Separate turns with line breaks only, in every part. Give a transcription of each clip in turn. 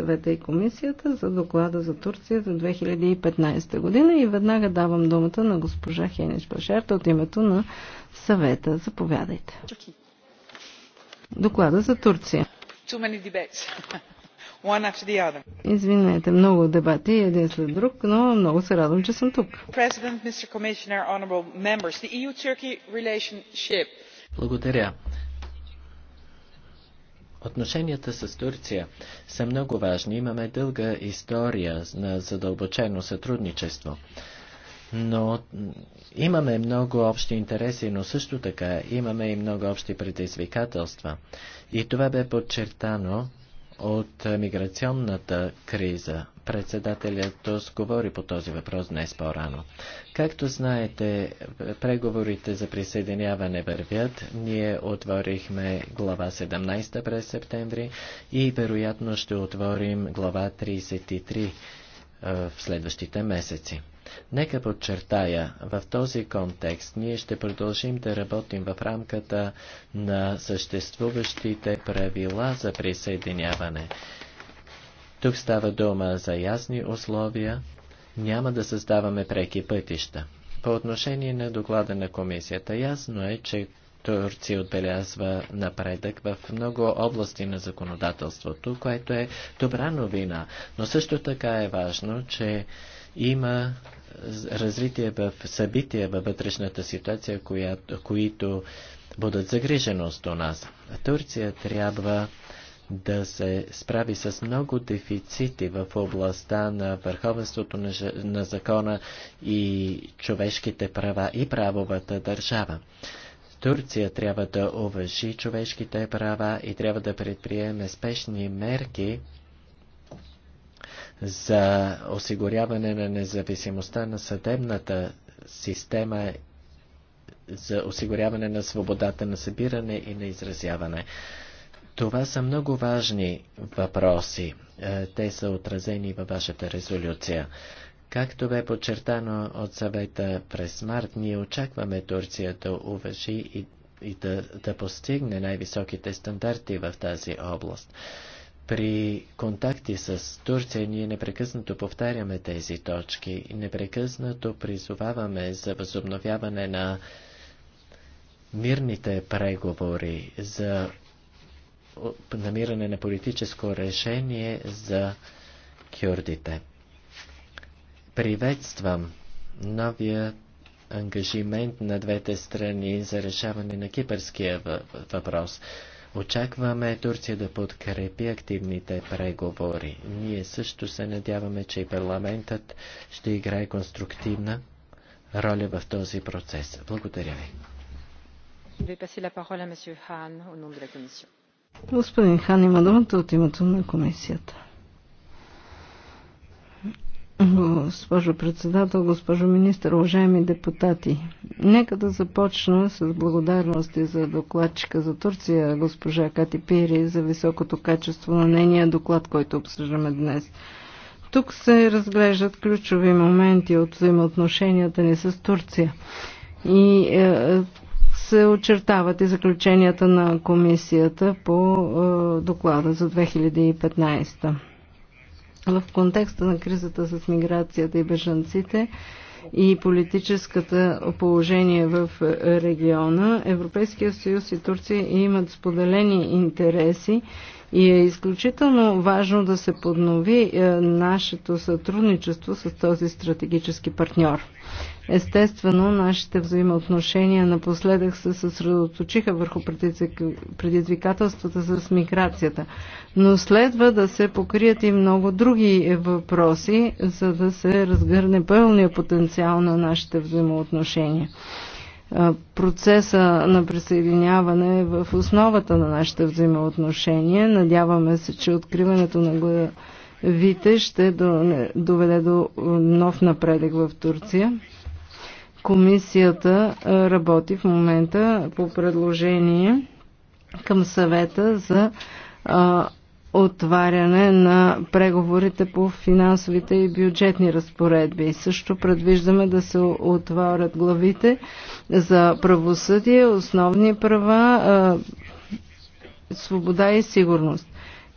съвета и комисията за доклада за Турция за 2015 година и веднага давам думата на госпожа Хенич Башерта от името на съвета. Заповядайте. Доклада за Турция. Извинете, много дебати един след друг, но много се радвам, че съм тук.
E
Благодаря. Отношенията с Турция са много важни. Имаме дълга история на задълбочено сътрудничество. Но имаме много общи интереси, но също така имаме и много общи предизвикателства. И това бе подчертано от миграционната криза. Председателят Тус говори по този въпрос днес по-рано. Както знаете, преговорите за присъединяване вървят. Ние отворихме глава 17 през септември и вероятно ще отворим глава 33 е, в следващите месеци. Нека подчертая, в този контекст ние ще продължим да работим в рамката на съществуващите правила за присъединяване. Тук става дума за ясни условия, няма да създаваме преки пътища. По отношение на доклада на комисията, ясно е, че Турция отбелязва напредък в много области на законодателството, което е добра новина, но също така е важно, че има развитие в събития във вътрешната ситуация, която, които будат загриженост у нас. Турция трябва да се справи с много дефицити в областта на върховенството на, на закона и човешките права и правовата държава. Турция трябва да уважи човешките права и трябва да предприеме спешни мерки за осигуряване на независимостта на съдебната система, за осигуряване на свободата на събиране и на изразяване. Това са много важни въпроси. Е, те са отразени във вашата резолюция. Както бе подчертано от съвета през март, ние очакваме Турция да уважи и, и да, да постигне най-високите стандарти в тази област. При контакти с Турция ние непрекъснато повтаряме тези точки и непрекъснато призоваваме за възобновяване на мирните преговори, за намиране на политическо решение за кюрдите. Приветствам новия ангажимент на двете страни за решаване на кипърския въпрос. Очакваме Турция да подкрепи активните преговори. Ние също се надяваме, че и парламентът ще играе конструктивна роля в този процес. Благодаря ви.
Господин Хан има думата от името на комисията. Госпожо председател, госпожо министър, уважаеми депутати, нека да започна с благодарности за докладчика за Турция, госпожа Кати Пири, за високото качество на нейния доклад, който обсъждаме днес. Тук се разглеждат ключови моменти от взаимоотношенията ни с Турция. И е, се очертават и заключенията на комисията по е, доклада за 2015. В контекста на кризата с миграцията и бежанците и политическата положение в региона, Европейския съюз и Турция имат споделени интереси и е изключително важно да се поднови е, нашето сътрудничество с този стратегически партньор. Естествено, нашите взаимоотношения напоследък се съсредоточиха върху предизвикателствата с миграцията, но следва да се покрият и много други въпроси, за да се разгърне пълния потенциал на нашите взаимоотношения процеса на присъединяване е в основата на нашите взаимоотношения. Надяваме се, че откриването на главите ще доведе до нов напредък в Турция. Комисията работи в момента по предложение към съвета за отваряне на преговорите по финансовите и бюджетни разпоредби. Също предвиждаме да се отварят главите за правосъдие, основни права, свобода и сигурност.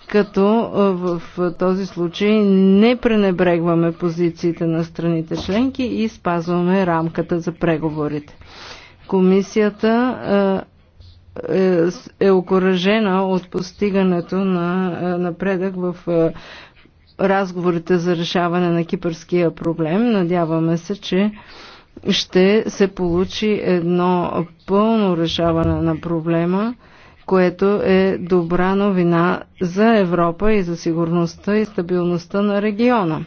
Като в този случай не пренебрегваме позициите на страните членки и спазваме рамката за преговорите. Комисията е, е окоръжена от постигането на е, напредък в е, разговорите за решаване на кипърския проблем. Надяваме се, че ще се получи едно пълно решаване на проблема, което е добра новина за Европа и за сигурността и стабилността на региона.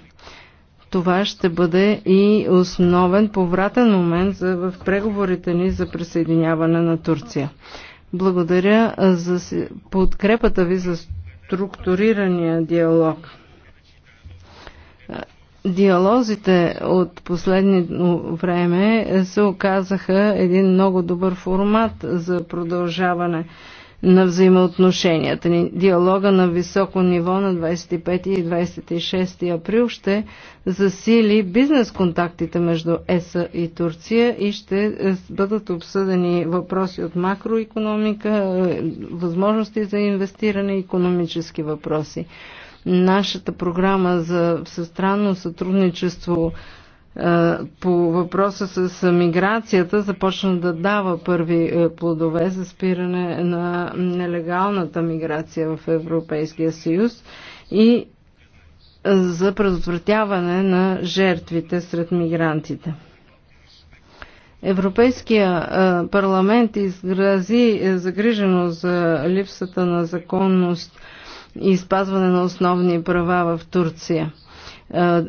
Това ще бъде и основен повратен момент за, в преговорите ни за присъединяване на Турция. Благодаря за подкрепата ви за структурирания диалог. Диалозите от последно време се оказаха един много добър формат за продължаване на взаимоотношенията ни. Диалога на високо ниво на 25 и 26 април ще засили бизнес контактите между ЕСА и Турция и ще е, бъдат обсъдени въпроси от макроекономика, е, възможности за инвестиране и економически въпроси. Нашата програма за всестранно сътрудничество е, по въпроса с миграцията започна да дава първи е, плодове за спиране на нелегалната миграция в Европейския съюз и е, за предотвратяване на жертвите сред мигрантите. Европейския парламент изгрази загрижено за липсата на законност и спазване на основни права в Турция –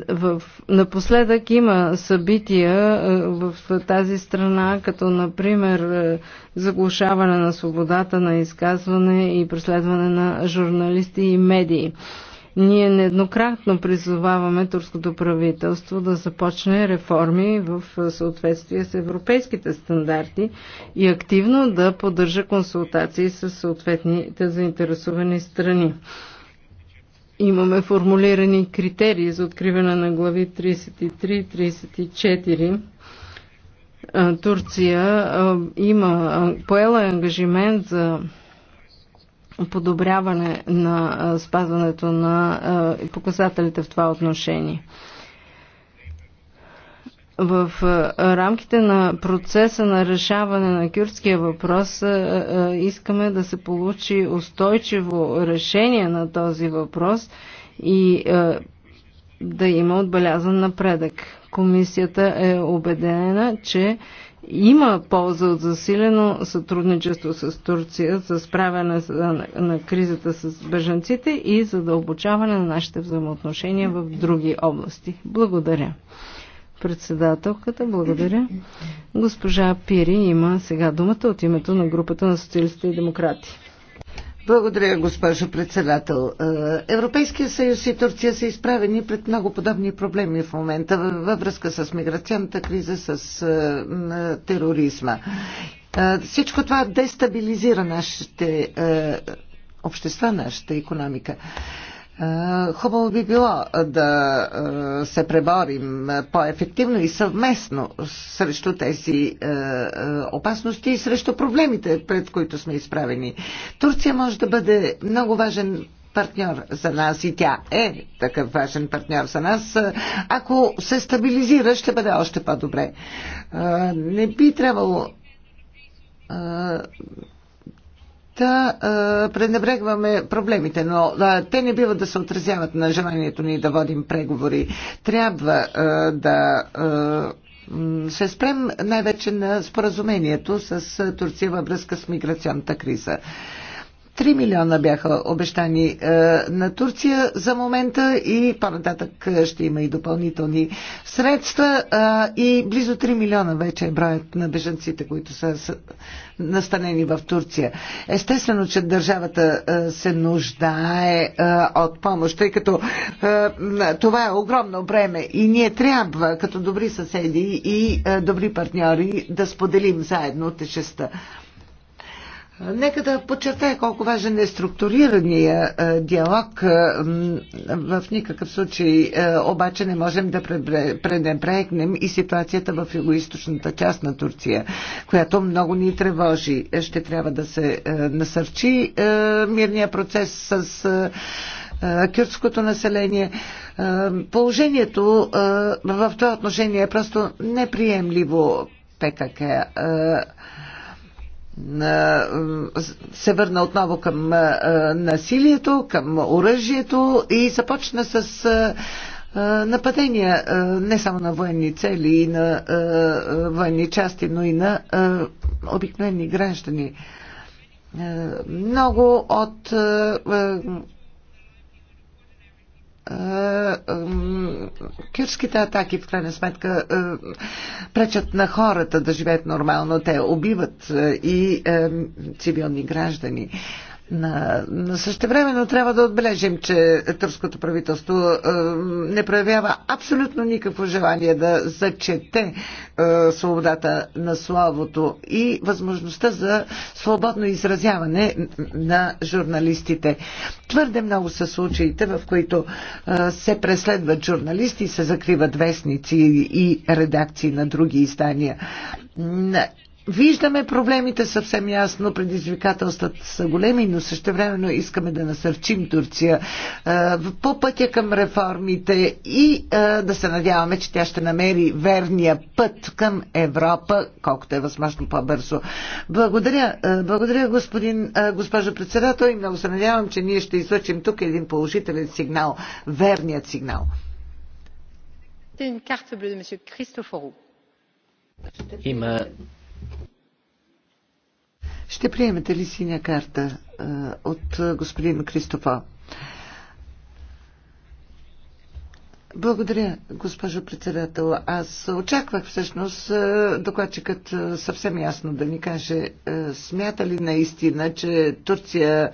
в, напоследък има събития в тази страна, като например заглушаване на свободата на изказване и преследване на журналисти и медии. Ние нееднократно призоваваме турското правителство да започне реформи в съответствие с европейските стандарти и активно да поддържа консултации с съответните заинтересовани страни имаме формулирани критерии за откриване на глави 33-34. Турция има поела е ангажимент за подобряване на спазването на показателите в това отношение в рамките на процеса на решаване на кюрдския въпрос искаме да се получи устойчиво решение на този въпрос и да има отбелязан напредък. Комисията е убедена, че има полза от засилено сътрудничество с Турция за справяне на кризата с бежанците и за дълбочаване на нашите взаимоотношения в други области. Благодаря. Председателката, благодаря. Госпожа Пири има сега думата от името на групата на социалистите и
демократи. Благодаря, госпожо председател. Е, Европейския съюз и Турция са изправени пред много подобни проблеми в момента във връзка с миграционната криза, с е, е, тероризма. Всичко това дестабилизира нашите общества, нашата економика. Е, хубаво би било е, да е, се преборим по-ефективно и съвместно срещу тези опасности и срещу проблемите, пред които сме изправени. Турция може да бъде много важен партньор за нас и тя е такъв важен партньор за нас. Ако се стабилизира, ще бъде още по-добре. Не би трябвало а, пренебрегваме проблемите, но те не бива да се отразяват на желанието ни да водим преговори. Трябва да се спрем най-вече на споразумението с Турция във връзка с миграционната криза. 3 милиона бяха обещани е, на Турция за момента и по-нататък е, ще има и допълнителни средства е, и близо 3 милиона вече е броят на бежанците, които са настанени в Турция. Естествено, че държавата се нуждае от помощ, тъй като това е огромно бреме и ние трябва като добри съседи и добри партньори да споделим заедно тежестта. Нека да подчертая колко важен е структурирания е, диалог. Е, в никакъв случай е, обаче не можем да пренебрегнем и ситуацията в югоисточната част на Турция, която много ни тревожи. Ще трябва да се насърчи мирния процес с кюртското население. Положението в това отношение е просто неприемливо. ПКК се върна отново към насилието, към оръжието и започна с нападения не само на военни цели и на военни части, но и на обикновени граждани. Много от кюрските атаки в крайна сметка пречат на хората да живеят нормално. Те убиват и цивилни граждани. На, на същевременно трябва да отбележим, че турското правителство е, не проявява абсолютно никакво желание да зачете е, свободата на словото и възможността за свободно изразяване на журналистите. Твърде много са случаите, в които е, се преследват журналисти, се закриват вестници и редакции на други издания Виждаме проблемите съвсем ясно, предизвикателствата са големи, но времено искаме да насърчим Турция е, по пътя към реформите и е, да се надяваме, че тя ще намери верния път към Европа, колкото е възможно по-бързо. Благодаря, е, благодаря господин, госпожо председател и много се надявам, че ние ще излъчим тук един положителен сигнал, верният сигнал. Има ще приемете ли синя карта е, от господин Кристофа? Благодаря, госпожо председател. Аз очаквах всъщност е, докладчикът е, съвсем ясно да ни каже, смята ли наистина, че Турция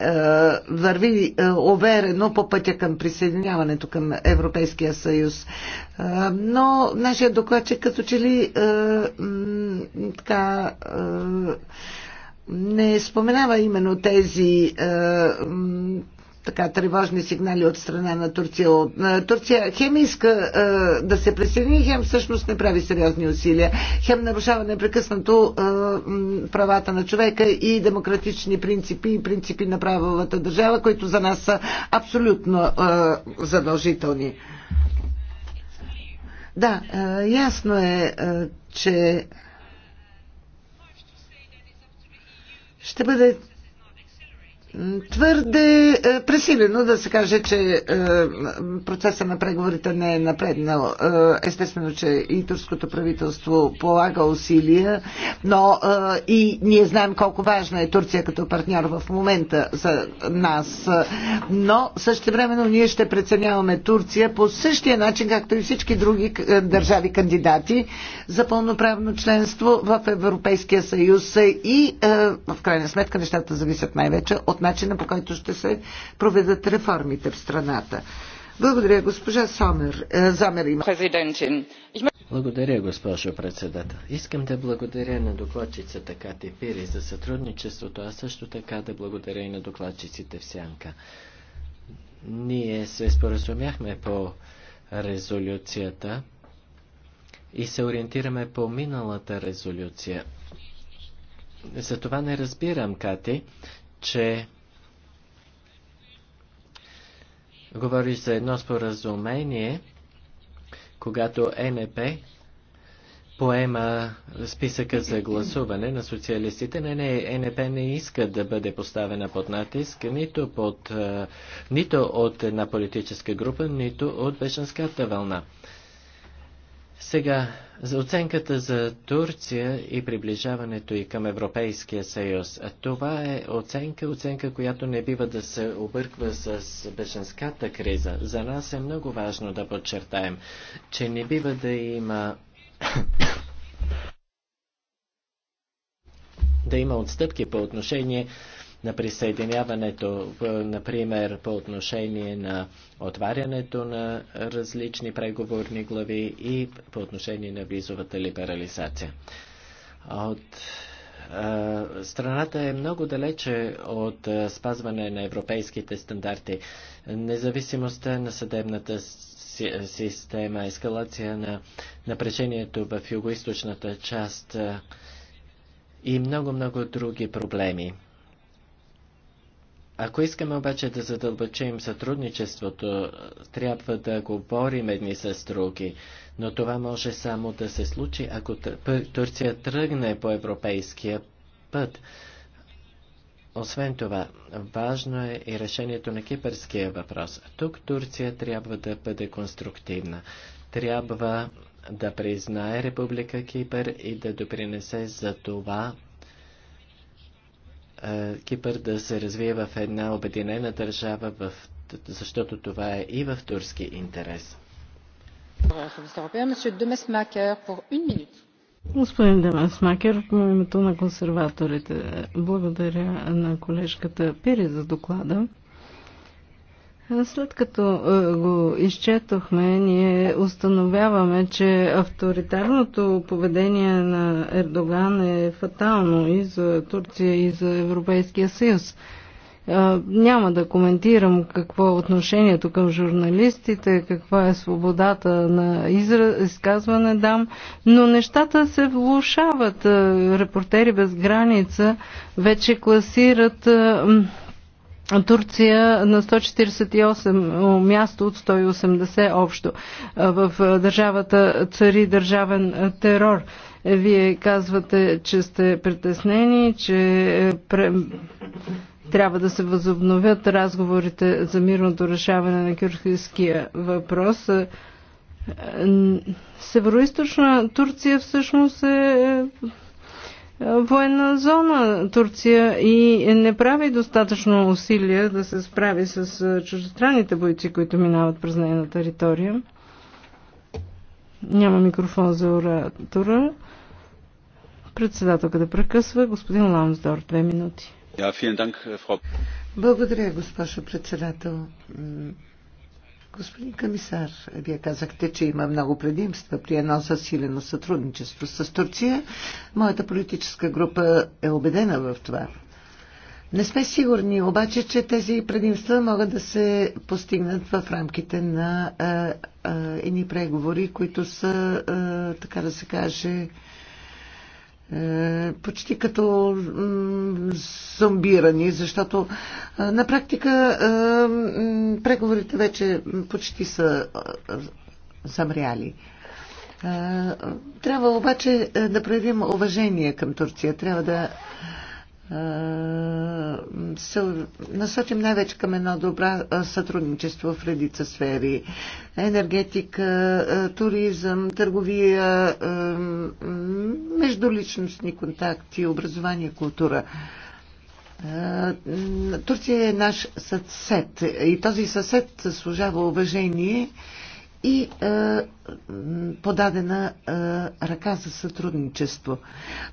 е, върви е, уверено по пътя към присъединяването към Европейския съюз. Е, но нашия докладчик като че ли така не споменава именно тези така тревожни сигнали от страна на Турция. Е, Турция хем иска е, да се присъедини, хем всъщност не прави сериозни усилия. Хем нарушава непрекъснато е, правата на човека и демократични принципи и принципи на правовата държава, които за нас са абсолютно е, задължителни. Да, е, ясно е, е че ще бъде твърде е, пресилено да се каже, че е, процеса на преговорите не е напреднал. Е, естествено, че и турското правителство полага усилия, но и ние знаем колко важна е Турция като партньор в момента за нас. Но също времено ние ще преценяваме Турция по същия начин, както и всички други държави кандидати за пълноправно членство в Европейския съюз и в крайна сметка нещата зависят най-вече от начина по който ще се проведат реформите в страната. Благодаря, госпожа Сомер. Е, Замер има. Благодаря, госпожо
председател. Искам да благодаря на докладчицата Кати Пири за сътрудничеството, а също така да благодаря и на докладчиците в Сянка. Ние се споразумяхме по резолюцията и се ориентираме по миналата резолюция. Затова не разбирам, Кати, че говориш за едно споразумение, когато НП поема списъка за гласуване на социалистите. Не, не, НП не иска да бъде поставена под натиск нито, под, нито от една политическа група, нито от бешенската вълна. Сега за оценката за Турция и приближаването и към Европейския съюз. Това е оценка, оценка, която не бива да се обърква с беженската криза. За нас е много важно да подчертаем, че не бива да има да има отстъпки по отношение на присъединяването, е, например по отношение на отварянето на различни преговорни глави и по отношение на визовата либерализация. От е, страната е много далече от е, спазване на европейските стандарти. Независимостта на съдебната система, ескалация на напрежението в юго-источната част и много-много други проблеми. Ако искаме обаче да задълбачим сътрудничеството, трябва да говорим едни с други, но това може само да се случи, ако Турция тръгне по европейския път. Освен това, важно е и решението на кипърския въпрос. Тук Турция трябва да бъде конструктивна. Трябва да признае Република Кипър и да допринесе за това Кипър да се развие в една обединена държава, в... защото това е и в турски интерес.
Господин Демесмакер, по името на консерваторите, благодаря на колежката Пири за доклада. След като е, го изчетохме, ние установяваме, че авторитарното поведение на Ердоган е фатално и за Турция, и за Европейския съюз. Няма да коментирам какво е отношението към журналистите, каква е свободата на изра... изказване дам, но нещата се влушават. Е, репортери без граница вече класират Турция на 148 място от 180 общо. В държавата цари държавен терор. Вие казвате, че сте притеснени, че трябва да се възобновят разговорите за мирното решаване на кюрхийския въпрос. Североизточна Турция всъщност е военна зона Турция и не прави достатъчно усилия да се справи с чуждестранните бойци, които минават през нейна територия. Няма микрофон за оратора. Председателката да прекъсва. Господин Ламсдор, две минути.
Благодаря, госпожо председател. Господин комисар, вие казахте, че има много предимства при едно засилено сътрудничество с Турция. Моята политическа група е убедена в това. Не сме сигурни обаче, че тези предимства могат да се постигнат в рамките на едни преговори, които са, а, така да се каже, е, почти като зомбирани, защото е, на практика е, преговорите вече почти са замряли. Трябва обаче да проявим уважение към Турция. Трябва да е, се насочим най-вече към едно добра е, сътрудничество в редица сфери. Енергетика, е, туризъм, търговия, междуличностни контакти, образование, култура. Турция е наш съсед и този съсед служава уважение и е, подадена е, ръка за сътрудничество.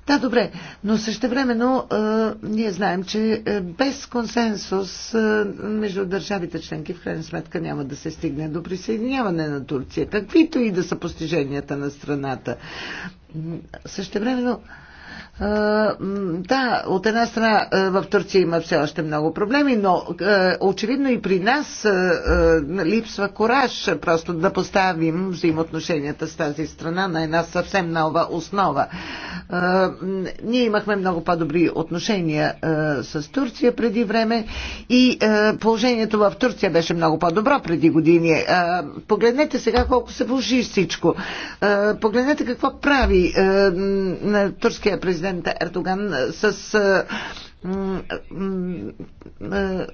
Да, добре, но същевременно е, ние знаем, че е, без консенсус е, между държавите членки в крайна сметка няма да се стигне до присъединяване на Турция, каквито и да са постиженията на страната. Същевременно времено да, от една страна в Турция има все още много проблеми, но очевидно и при нас липсва кораж просто да поставим взаимоотношенията с тази страна на една съвсем нова основа. Ние имахме много по-добри отношения с Турция преди време и положението в Турция беше много по-добро преди години. Погледнете сега колко се вложи всичко. Погледнете какво прави турския президент президента Ердоган с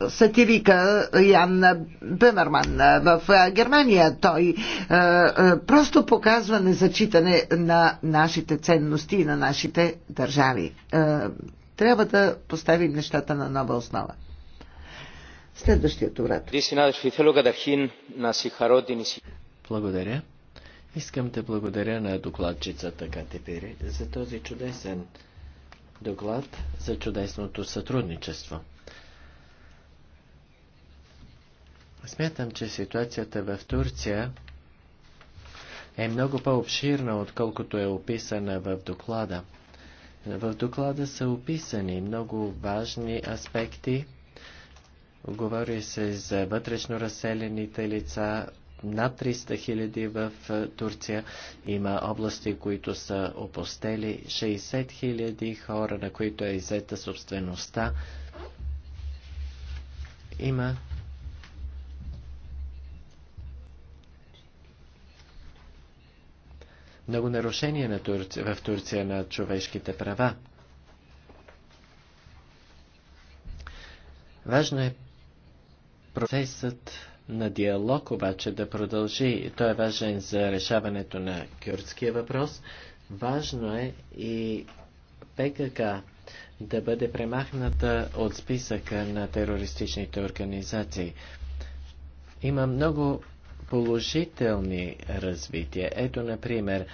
сатирика Ян Бемерман в Германия. Той просто показва незачитане на нашите ценности и на нашите държави. Трябва да поставим нещата на нова основа. Следващият
брат. Благодаря. Искам да благодаря на докладчицата Катепири за този чудесен доклад за чудесното сътрудничество. Смятам, че ситуацията в Турция е много по-обширна, отколкото е описана в доклада. В доклада са описани много важни аспекти. Говори се за вътрешно разселените лица, над 300 хиляди в е, Турция. Има области, които са опостели 60 хиляди хора, на които е иззета собствеността. Има много нарушения на Турция, в Турция на човешките права. Важно е процесът на диалог обаче да продължи. Той е важен за решаването на кюрдския въпрос. Важно е и ПКК да бъде премахната от списъка на терористичните организации. Има много положителни развития. Ето, например,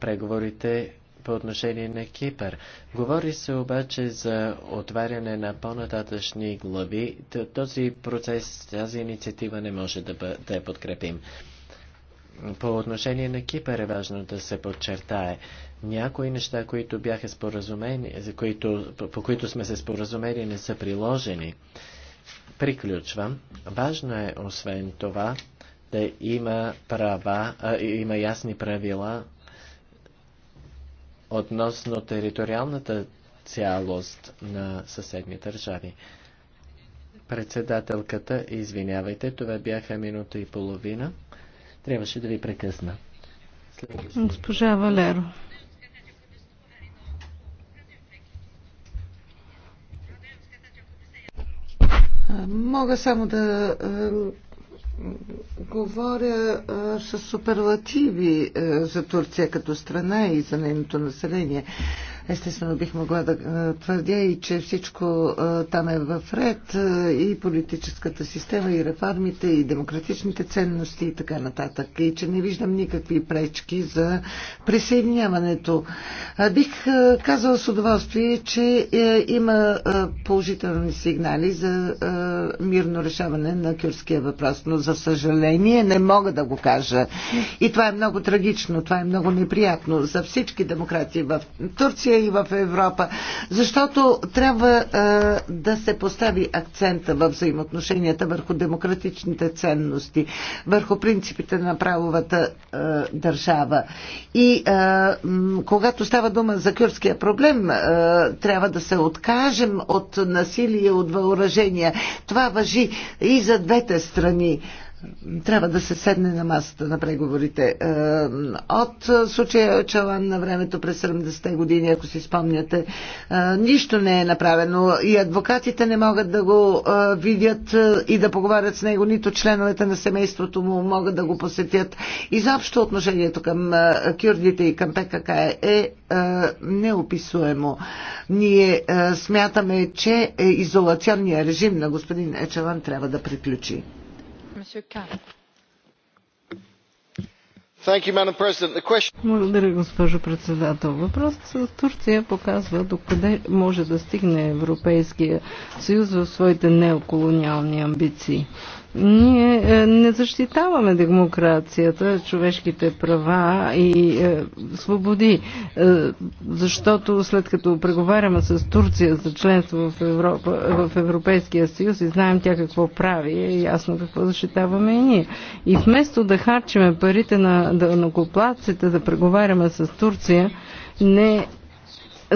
преговорите по отношение на Кипър. Говори се обаче за отваряне на по-нататъчни глави. Този процес, тази инициатива не може да, бъ... да я подкрепим. По отношение на Кипър е важно да се подчертае. Някои неща, които бяха споразумени, за които, по, по които сме се споразумели, не са приложени. Приключвам. Важно е, освен това, да има права, а, има ясни правила относно териториалната цялост на съседни държави. Председателката, извинявайте, това бяха минута и половина. Трябваше да ви прекъсна.
Госпожа Валеро.
Мога само да е, говоря а, с суперлативи а, е, за Турция като страна и за нейното население. Естествено бих могла да е, твърдя и, че всичко е, там е в ред е, и политическата система, и реформите, и демократичните ценности и така нататък. И че не виждам никакви пречки за присъединяването. Бих казала с удоволствие, че има положителни сигнали за мирно решаване на кюрския въпрос, но за съжаление не мога да го кажа. И това е много трагично, това е много неприятно за всички демократи в Турция и в Европа. Защото трябва е, да се постави акцента в взаимоотношенията върху демократичните ценности, върху принципите на правовата е, държава. И е, когато става дума за кюрския проблем, трябва да се откажем от насилие, от въоръжения. Това въжи и за двете страни трябва да се седне на масата на преговорите. Е, от случая Чалан на времето през 70-те години, ако си спомняте, е, нищо не е направено и адвокатите не могат да го е, видят и да поговарят с него, нито членовете на семейството му могат да го посетят. Изобщо отношението към кюрдите и към ПКК е неописуемо. Ние смятаме, че изолационният режим на господин Ечалан трябва да приключи. Благодаря, госпожо председател.
Въпросът с Турция показва докъде може да стигне Европейския съюз в своите неоколониални амбиции. Ние е, не защитаваме демокрацията, човешките права и е, свободи, е, защото след като преговаряме с Турция за членство в, Европа, в Европейския съюз и знаем тя какво прави, е ясно какво защитаваме и ние. И вместо да харчиме парите на коплаците, да преговаряме с Турция, не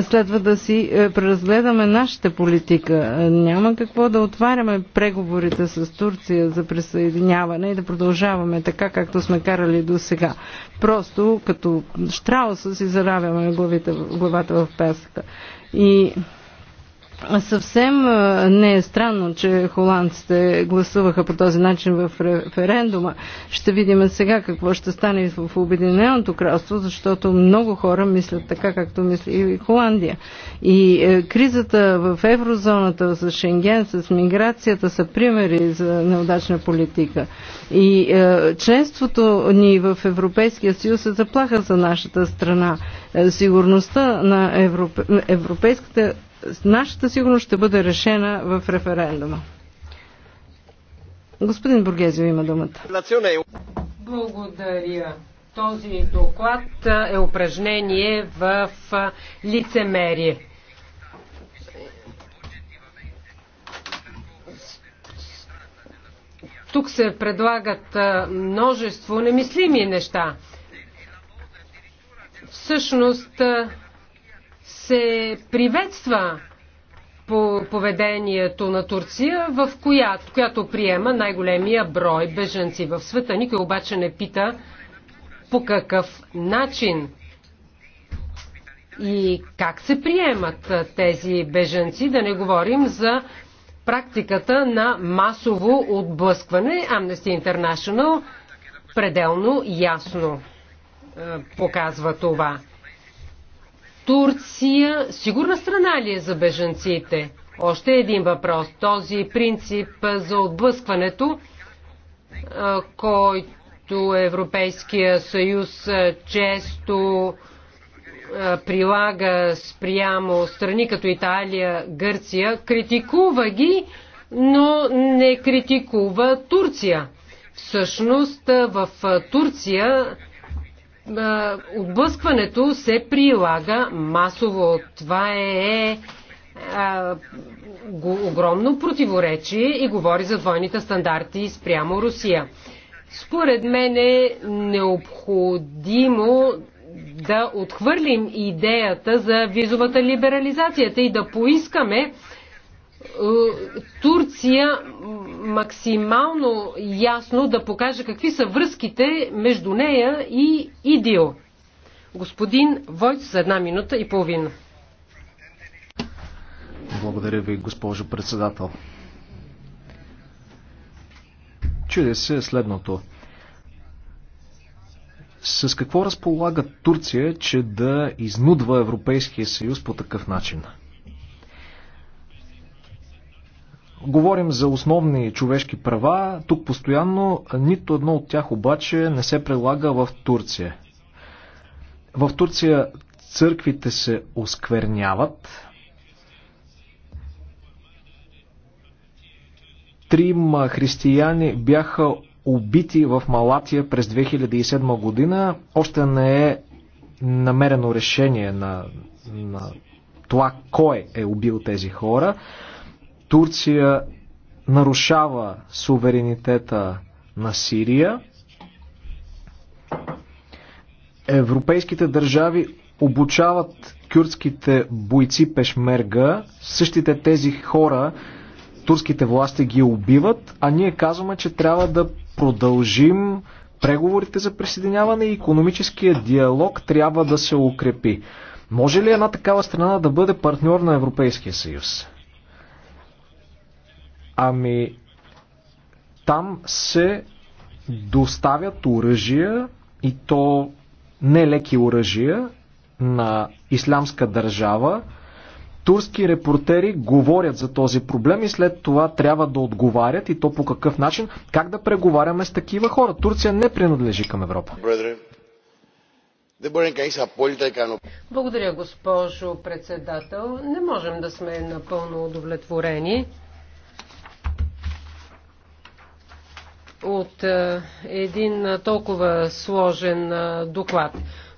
следва да си е, преразгледаме нашата политика. Е, няма какво да отваряме преговорите с Турция за присъединяване и да продължаваме така, както сме карали до сега. Просто като штрауса си заравяме главата в песъка. И Съвсем не е странно, че холандците гласуваха по този начин в референдума. Ще видим сега какво ще стане в Обединеното кралство, защото много хора мислят така, както мисли и Холандия. И е, кризата в еврозоната, с Шенген, с миграцията са примери за неудачна политика. И е, членството ни в Европейския съюз е заплаха за нашата страна. Е, сигурността на европейската нашата сигурност ще бъде решена в референдума. Господин Бургезио има думата.
Благодаря. Този доклад е упражнение в лицемерие. Тук се предлагат множество немислими неща. Всъщност, се приветства по поведението на Турция, в която, която приема най-големия брой беженци в света. Никой обаче не пита по какъв начин и как се приемат тези беженци, да не говорим за практиката на масово отблъскване. Amnesty International пределно ясно е, показва това. Турция сигурна страна ли е за бежанците? Още един въпрос. Този принцип за отблъскването, който Европейския съюз често прилага спрямо страни като Италия, Гърция, критикува ги, но не критикува Турция. Всъщност в Турция отблъскването се прилага масово. Това е, е а, го, огромно противоречие и говори за двойните стандарти спрямо Русия. Според мен е необходимо да отхвърлим идеята за визовата либерализацията и да поискаме е, Турция максимално ясно да покаже какви са връзките между нея и ИДИО. Господин Войц за една минута и половина.
Благодаря ви, госпожо председател. Чуде се следното. С какво разполага Турция, че да изнудва Европейския съюз по такъв начин? Говорим за основни човешки права, тук постоянно, нито едно от тях обаче не се прилага в Турция. В Турция църквите се оскверняват. Трима християни бяха убити в Малатия през 2007 година. Още не е намерено решение на, на това кой е убил тези хора. Турция нарушава суверенитета на Сирия. Европейските държави обучават кюрдските бойци пешмерга. Същите тези хора турските власти ги убиват, а ние казваме, че трябва да продължим преговорите за присъединяване и економическия диалог трябва да се укрепи. Може ли една такава страна да бъде партньор на Европейския съюз? Ами, там се доставят оръжия и то нелеки оръжия на ислямска държава. Турски репортери говорят за този проблем и след това трябва да отговарят и то по какъв начин. Как да преговаряме с такива хора? Турция не принадлежи към Европа.
Благодаря, госпожо председател. Не можем да сме напълно удовлетворени. от е, един е, толкова сложен е, доклад.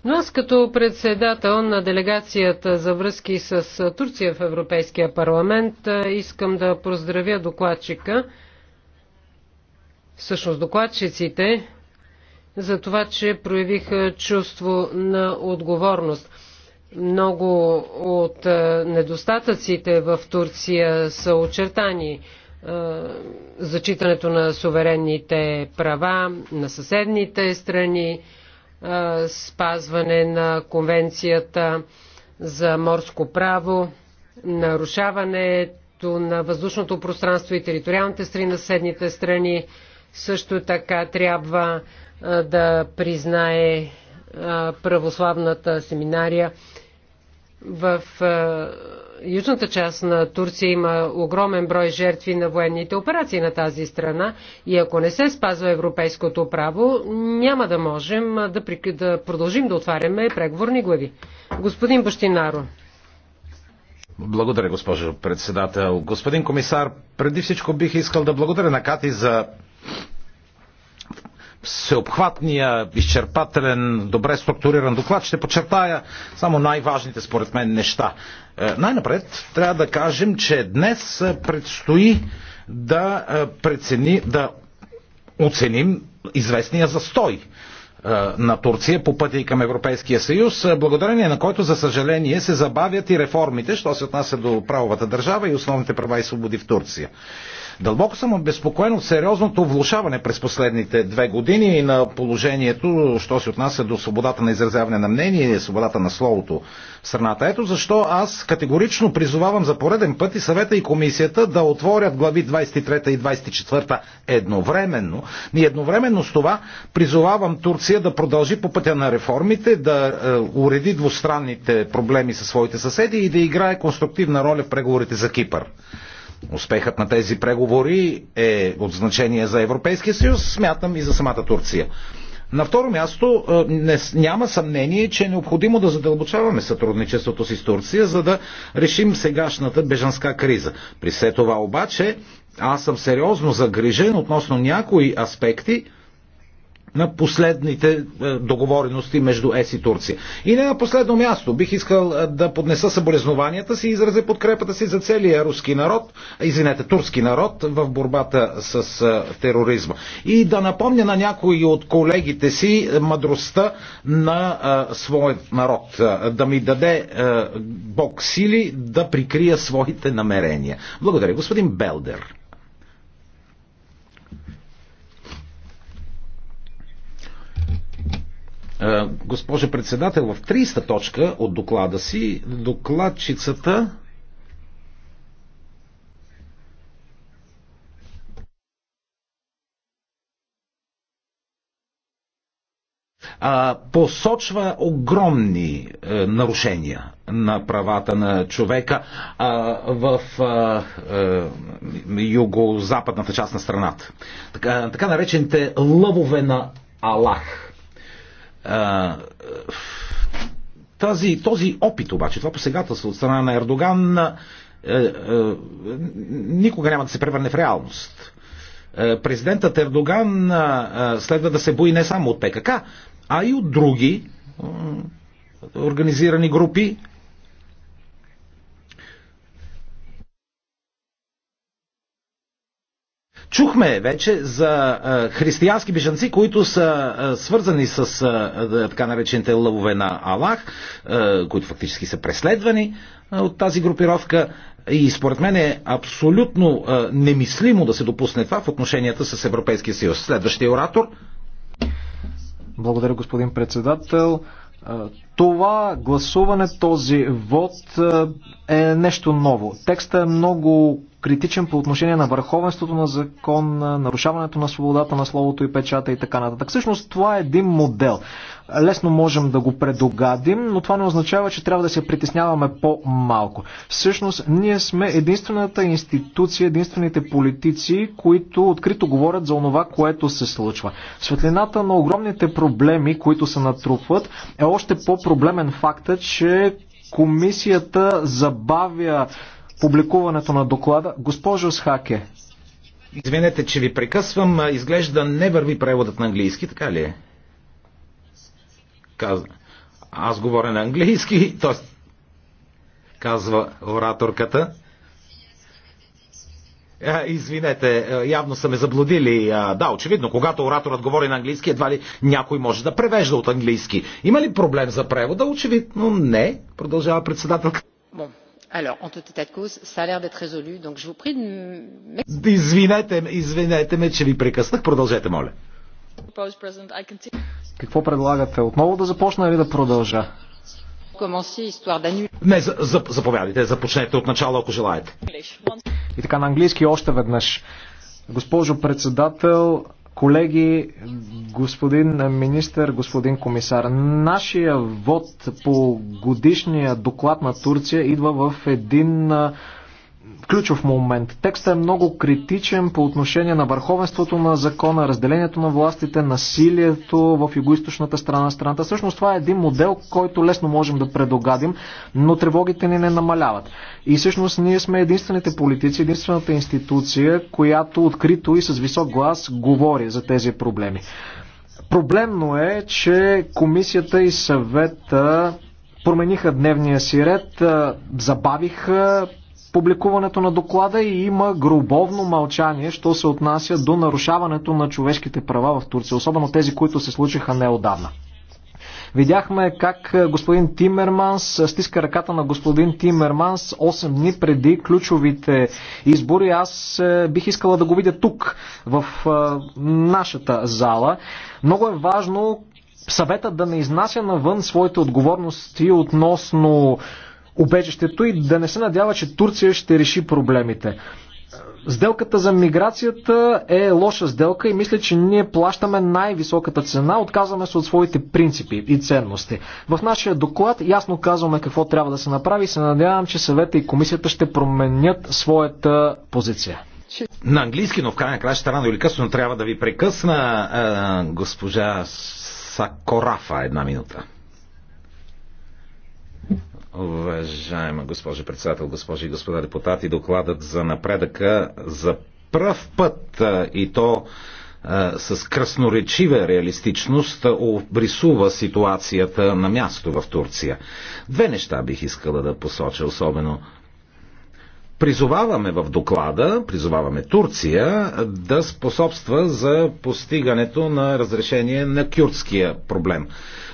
Но аз като председател на делегацията за връзки с Турция в Европейския парламент искам да поздравя докладчика, всъщност докладчиците, за това, че проявиха чувство на отговорност. Много от недостатъците в Турция са очертани. Е, зачитането на суверенните права на съседните страни, е, спазване на конвенцията за морско право, нарушаването на въздушното пространство и териториалните страни на съседните страни. Също така трябва е, да признае православната семинария в е, южната част на Турция има огромен брой жертви на военните операции на тази страна и ако не се спазва европейското право, няма да можем е, да, да продължим да отваряме преговорни глави. Господин Бащинаро.
Благодаря, госпожо председател. Господин комисар, преди всичко бих искал да благодаря на Кати за всеобхватния, изчерпателен, добре структуриран доклад, ще подчертая само най-важните според мен неща. Е, най-напред трябва да кажем, че днес е, предстои да е, прецени, да оценим известния застой на Турция по пътя и към Европейския съюз, благодарение на който, за съжаление, се забавят и реформите, що се отнася до правовата държава и основните права и свободи в Турция. Дълбоко съм обезпокоен от сериозното влушаване през последните две години на положението, що се отнася до свободата на изразяване на мнение и свободата на словото в страната. Ето защо аз категорично призовавам за пореден път и съвета и комисията да отворят глави 23 и 24 едновременно. И едновременно с това призовавам Турция да продължи по пътя на реформите, да е, уреди двустранните проблеми със своите съседи и да играе конструктивна роля в преговорите за Кипър. Успехът на тези преговори е от значение за Европейския съюз, смятам и за самата Турция. На второ място, е, не, няма съмнение, че е необходимо да задълбочаваме сътрудничеството си с Турция, за да решим сегашната бежанска криза. При все това обаче, аз съм сериозно загрижен относно някои аспекти, на последните е, договорености между ЕС и Турция. И не на последно място бих искал е, да поднеса съболезнованията си и изразя подкрепата си за целия руски народ, извинете, турски народ в борбата с е, тероризма. И да напомня на някои от колегите си мъдростта на своя своят народ. Да ми даде Бог сили да прикрия своите намерения. Благодаря, господин Белдер. Е, Госпожа председател, в 30-та точка от доклада си докладчицата посочва огромни е, нарушения на правата на човека а, в а, е, юго-западната част на страната. Така, така наречените лъвове на Аллах. Тази, този опит обаче, това посегателство от страна на Ердоган никога няма да се превърне в реалност. Президентът Ердоган следва да се бои не само от ПКК, а и от други организирани групи, Чухме вече за християнски бежанци, които са свързани с така наречените лъвове на Аллах, които фактически са преследвани от тази групировка. И според мен е абсолютно немислимо да се допусне това в отношенията с Европейския съюз. Следващия оратор.
Благодаря, господин председател. Това гласуване, този вод е нещо ново. Текстът е много критичен по отношение на върховенството на закон, на нарушаването на свободата на словото и печата и така нататък. Всъщност това е един модел. Лесно можем да го предогадим, но това не означава, че трябва да се притесняваме по-малко. Всъщност ние сме единствената институция, единствените политици, които открито говорят за онова, което се случва. Светлината на огромните проблеми, които се натрупват, е още по-проблемен факта, че комисията забавя публикуването на доклада. Госпожо Схаке.
Извинете, че ви прекъсвам. Изглежда не върви преводът на английски, така ли е? Казва. Аз говоря на английски, т.е. казва ораторката. Извинете, явно са ме заблудили. Да, очевидно, когато ораторът говори на английски, едва ли някой може да превежда от английски. Има ли проблем за превода? Очевидно не, продължава председателката.
Alors, en tout état de cause, ça a l'air d'être résolu, donc je vous prie de...
Извинете, извинете ме, че ви прекъснах. Продължете, моля. Какво предлагате? Отново да започна или да
продължа? Не, заповядайте, започнете от начало, ако желаете. И така на английски още веднъж. Госпожо председател, Колеги, господин министър, господин комисар, нашия вод по годишния доклад на Турция идва в един ключов момент. Текстът е много критичен по отношение на върховенството на закона, разделението на властите, насилието в югоизточната страна на страната. Всъщност това е един модел, който лесно можем да предогадим, но тревогите ни не намаляват. И всъщност ние сме единствените политици, единствената институция, която открито и с висок глас говори за тези проблеми. Проблемно е, че комисията и съвета промениха дневния си ред, забавиха публикуването на доклада и има гробовно мълчание, що се отнася до нарушаването на човешките права в Турция, особено тези, които се случиха неодавна. Видяхме как е, господин Тимерманс е, стиска ръката на господин Тимерманс 8 дни преди ключовите избори. Аз е, бих искала да го видя тук, в нашата зала. Много е важно съвета да не изнася навън своите отговорности относно убежището и да не се надява, че Турция ще реши проблемите. Сделката за миграцията е лоша сделка и мисля, че ние плащаме най-високата цена, отказваме се от своите принципи и ценности. В нашия доклад ясно казваме какво трябва да се направи и се надявам, че съвета и комисията ще променят своята позиция.
На английски, но в крайна ще рано или късно трябва да ви прекъсна госпожа Сакорафа една минута. Уважаема госпожа председател, госпожи и господа депутати, докладът за напредъка за пръв път и то с красноречива реалистичност обрисува ситуацията на място в Турция. Две неща бих искала да посоча особено. Призоваваме в доклада, призоваваме Турция да способства за постигането на разрешение на кюртския проблем.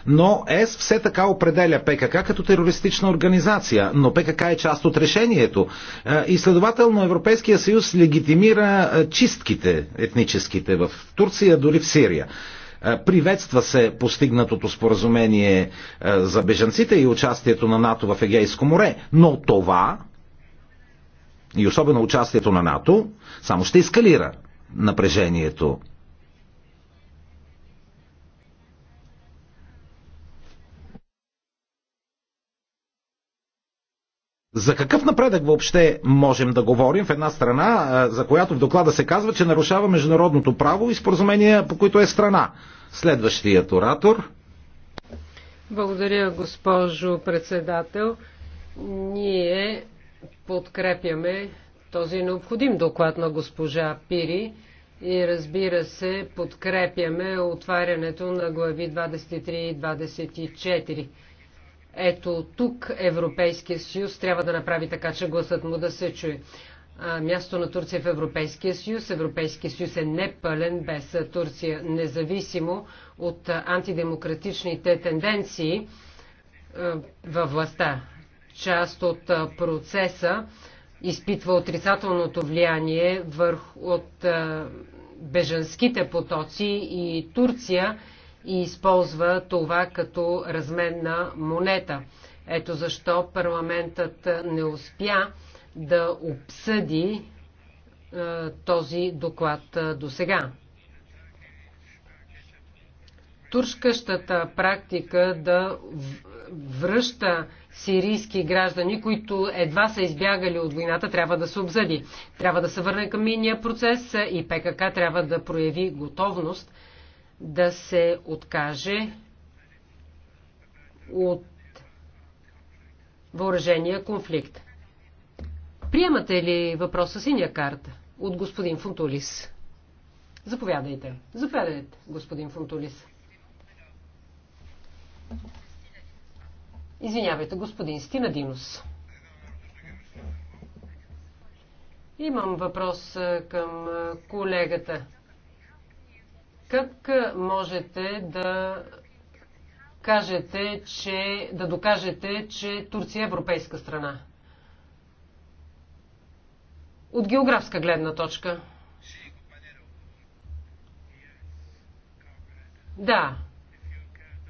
Но ЕС все така определя ПКК като терористична организация, но ПКК е част от решението. Е, и следователно Европейския съюз легитимира е, чистките етническите в Турция, дори в Сирия. Е, приветства се постигнатото споразумение за бежанците и участието на НАТО в Егейско море, но това и особено участието на НАТО, само ще ескалира напрежението. За какъв напредък въобще можем да говорим в една страна, за която в доклада се казва, че нарушава международното право и споразумения, по които е страна? Следващият оратор.
Благодаря, госпожо председател. Ние подкрепяме този необходим доклад на госпожа Пири и разбира се подкрепяме отварянето на глави 23 и 24. Ето тук Европейския съюз трябва да направи така, че гласът му да се чуе. място на Турция в Европейския съюз. Европейския съюз е непълен без Турция, независимо от антидемократичните тенденции във властта част от процеса изпитва отрицателното влияние върху от бежанските потоци и Турция и използва това като разменна монета. Ето защо парламентът не успя да обсъди този доклад до сега. Турскащата практика да връща сирийски граждани, които едва са избягали от войната, трябва да се обсъди. Трябва да се върне към миния процес и ПКК трябва да прояви готовност да се откаже от въоръжения конфликт. Приемате ли въпроса синя карта от господин Фунтулис? Заповядайте. Заповядайте, господин Фунтулис. Извинявайте, господин Стинадинус. Имам въпрос към колегата. Как можете да кажете, че, да докажете, че Турция е европейска страна? От географска гледна точка. Да.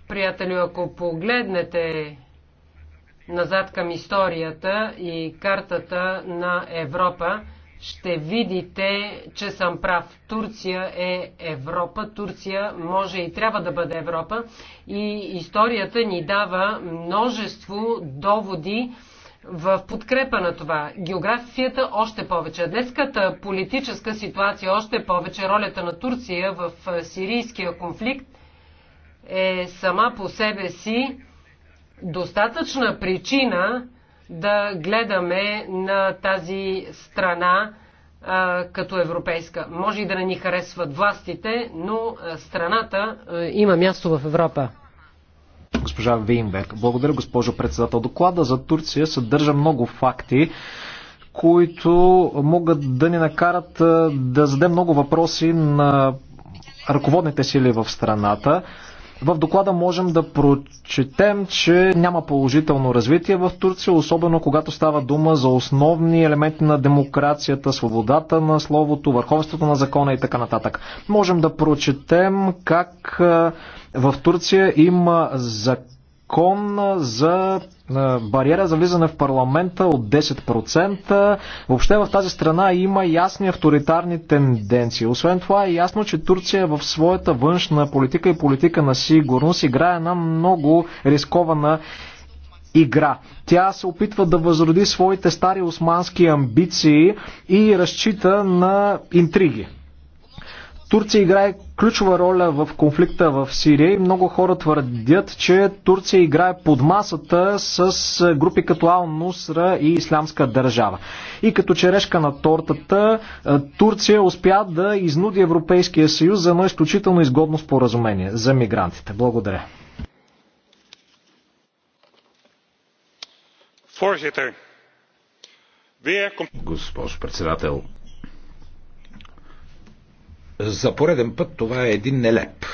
Приятелю, ако погледнете назад към историята и картата на Европа, ще видите, че съм прав. Турция е Европа, Турция може и трябва да бъде Европа и историята ни дава множество доводи в подкрепа на това. Географията още повече. Днеската политическа ситуация още повече. Ролята на Турция в сирийския конфликт е сама по себе си достатъчна причина да гледаме на тази страна а, като европейска. Може и да не ни харесват властите, но страната а, има място в Европа.
Госпожа Вейнберг, благодаря госпожо председател. Доклада за Турция съдържа много факти, които могат да ни накарат да зададем много въпроси на ръководните сили в страната. В доклада можем да прочетем, че няма положително развитие в Турция, особено когато става дума за основни елементи на демокрацията, свободата на словото, върховството на закона и така нататък. Можем да прочетем как в Турция има закон закон за бариера за влизане в парламента от 10%. Въобще в тази страна има ясни авторитарни тенденции. Освен това е ясно, че Турция е в своята външна политика и политика на сигурност играе една много рискована игра. Тя се опитва да възроди своите стари османски амбиции и разчита на интриги. Турция играе ключова роля в конфликта в Сирия и много хора твърдят, че Турция играе под масата с групи като Ал-Нусра и Ислямска държава. И като черешка на тортата, Турция успя да изнуди Европейския съюз за едно изключително изгодно споразумение за мигрантите. Благодаря. Госпожо председател,
за пореден път това е един нелеп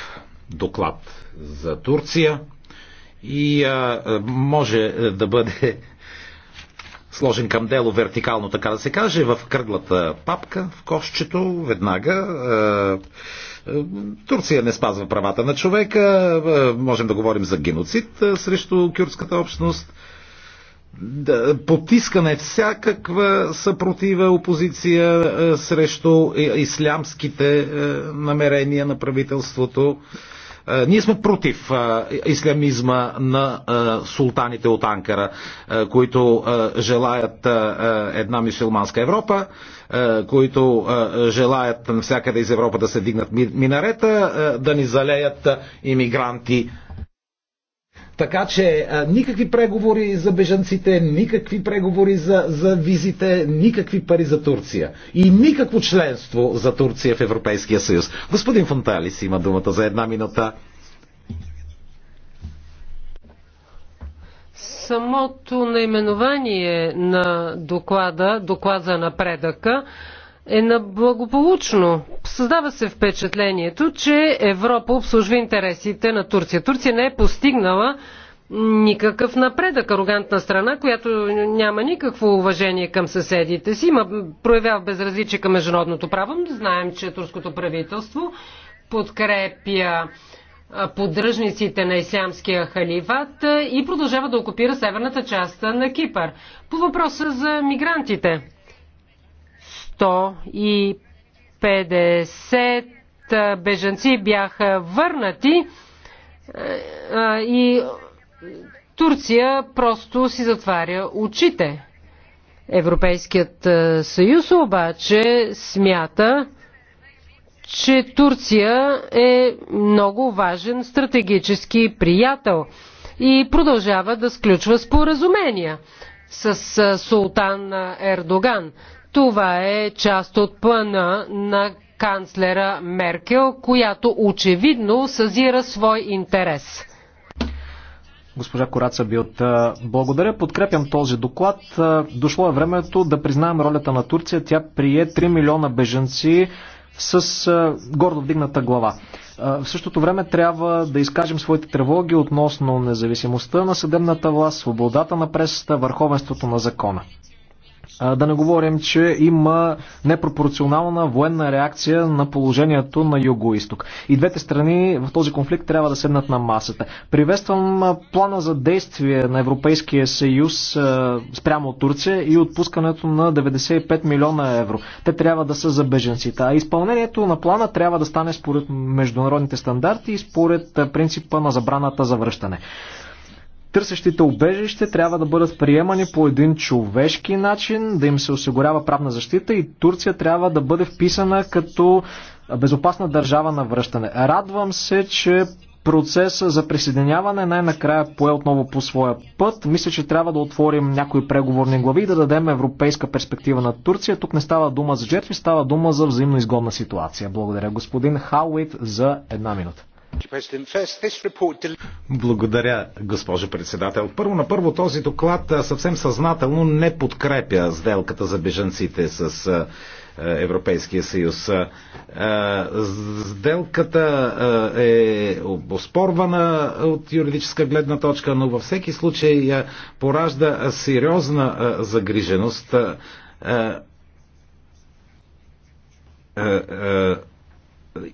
доклад за Турция и а, може да бъде сложен към дело вертикално, така да се каже, в кръглата папка, в кошчето, веднага. Турция не спазва правата на човека, можем да говорим за геноцид срещу кюрдската общност, да потискане всякаква съпротива опозиция е, срещу ислямските е, намерения на правителството. Е, ние сме против е, ислямизма на е, султаните от Анкара, е, които желаят една мусулманска Европа, които желаят навсякъде из Европа да се дигнат минарета, да ни залеят иммигранти така че никакви преговори за бежанците, никакви преговори за, за визите, никакви пари за Турция. И никакво членство за Турция в Европейския съюз. Господин Фонталис има думата за една минута.
Самото наименование на доклада, доклад за напредъка, е на благополучно. Създава се впечатлението, че Европа обслужва интересите на Турция. Турция не е постигнала никакъв напредък. Арогантна страна, която няма никакво уважение към съседите си, има, проявява безразличие към международното право. Знаем, че турското правителство подкрепя поддръжниците на ислямския халифат и продължава да окупира северната част на Кипър. По въпроса за мигрантите. 150 бежанци бяха върнати и Турция просто си затваря очите. Европейският съюз обаче смята, че Турция е много важен стратегически приятел и продължава да сключва споразумения с султан Ердоган. Това е част от плана на канцлера Меркел, която очевидно съзира свой интерес.
Госпожа Кораца Билт, благодаря, подкрепям този доклад. Дошло е времето да признаем ролята на Турция. Тя прие 3 милиона беженци с гордо вдигната глава. в същото време трябва да изкажем своите тревоги относно независимостта на съдебната власт, свободата на пресата, върховенството на закона. Да не говорим, че има непропорционална военна реакция на положението на юго-исток. И двете страни в този конфликт трябва да седнат на масата. Приветствам плана за действие на Европейския съюз спрямо от Турция и отпускането на 95 милиона евро. Те трябва да са за беженците. А изпълнението на плана трябва да стане според международните стандарти и според принципа на забраната за връщане. Търсещите обежище трябва да бъдат приемани по един човешки начин, да им се осигурява правна защита и Турция трябва да бъде вписана като безопасна държава на връщане. Радвам се, че процеса за присъединяване най-накрая пое отново по своя път. Мисля, че трябва да отворим някои преговорни глави и да дадем европейска перспектива на Турция. Тук не става дума за жертви, става дума за взаимно изгодна ситуация. Благодаря господин Хауит за една минута. Благодаря, госпожо председател. Първо на първо този доклад съвсем
съзнателно не подкрепя сделката за бежанците с Европейския съюз. Сделката е оспорвана от юридическа гледна точка, но във всеки случай поражда сериозна загриженост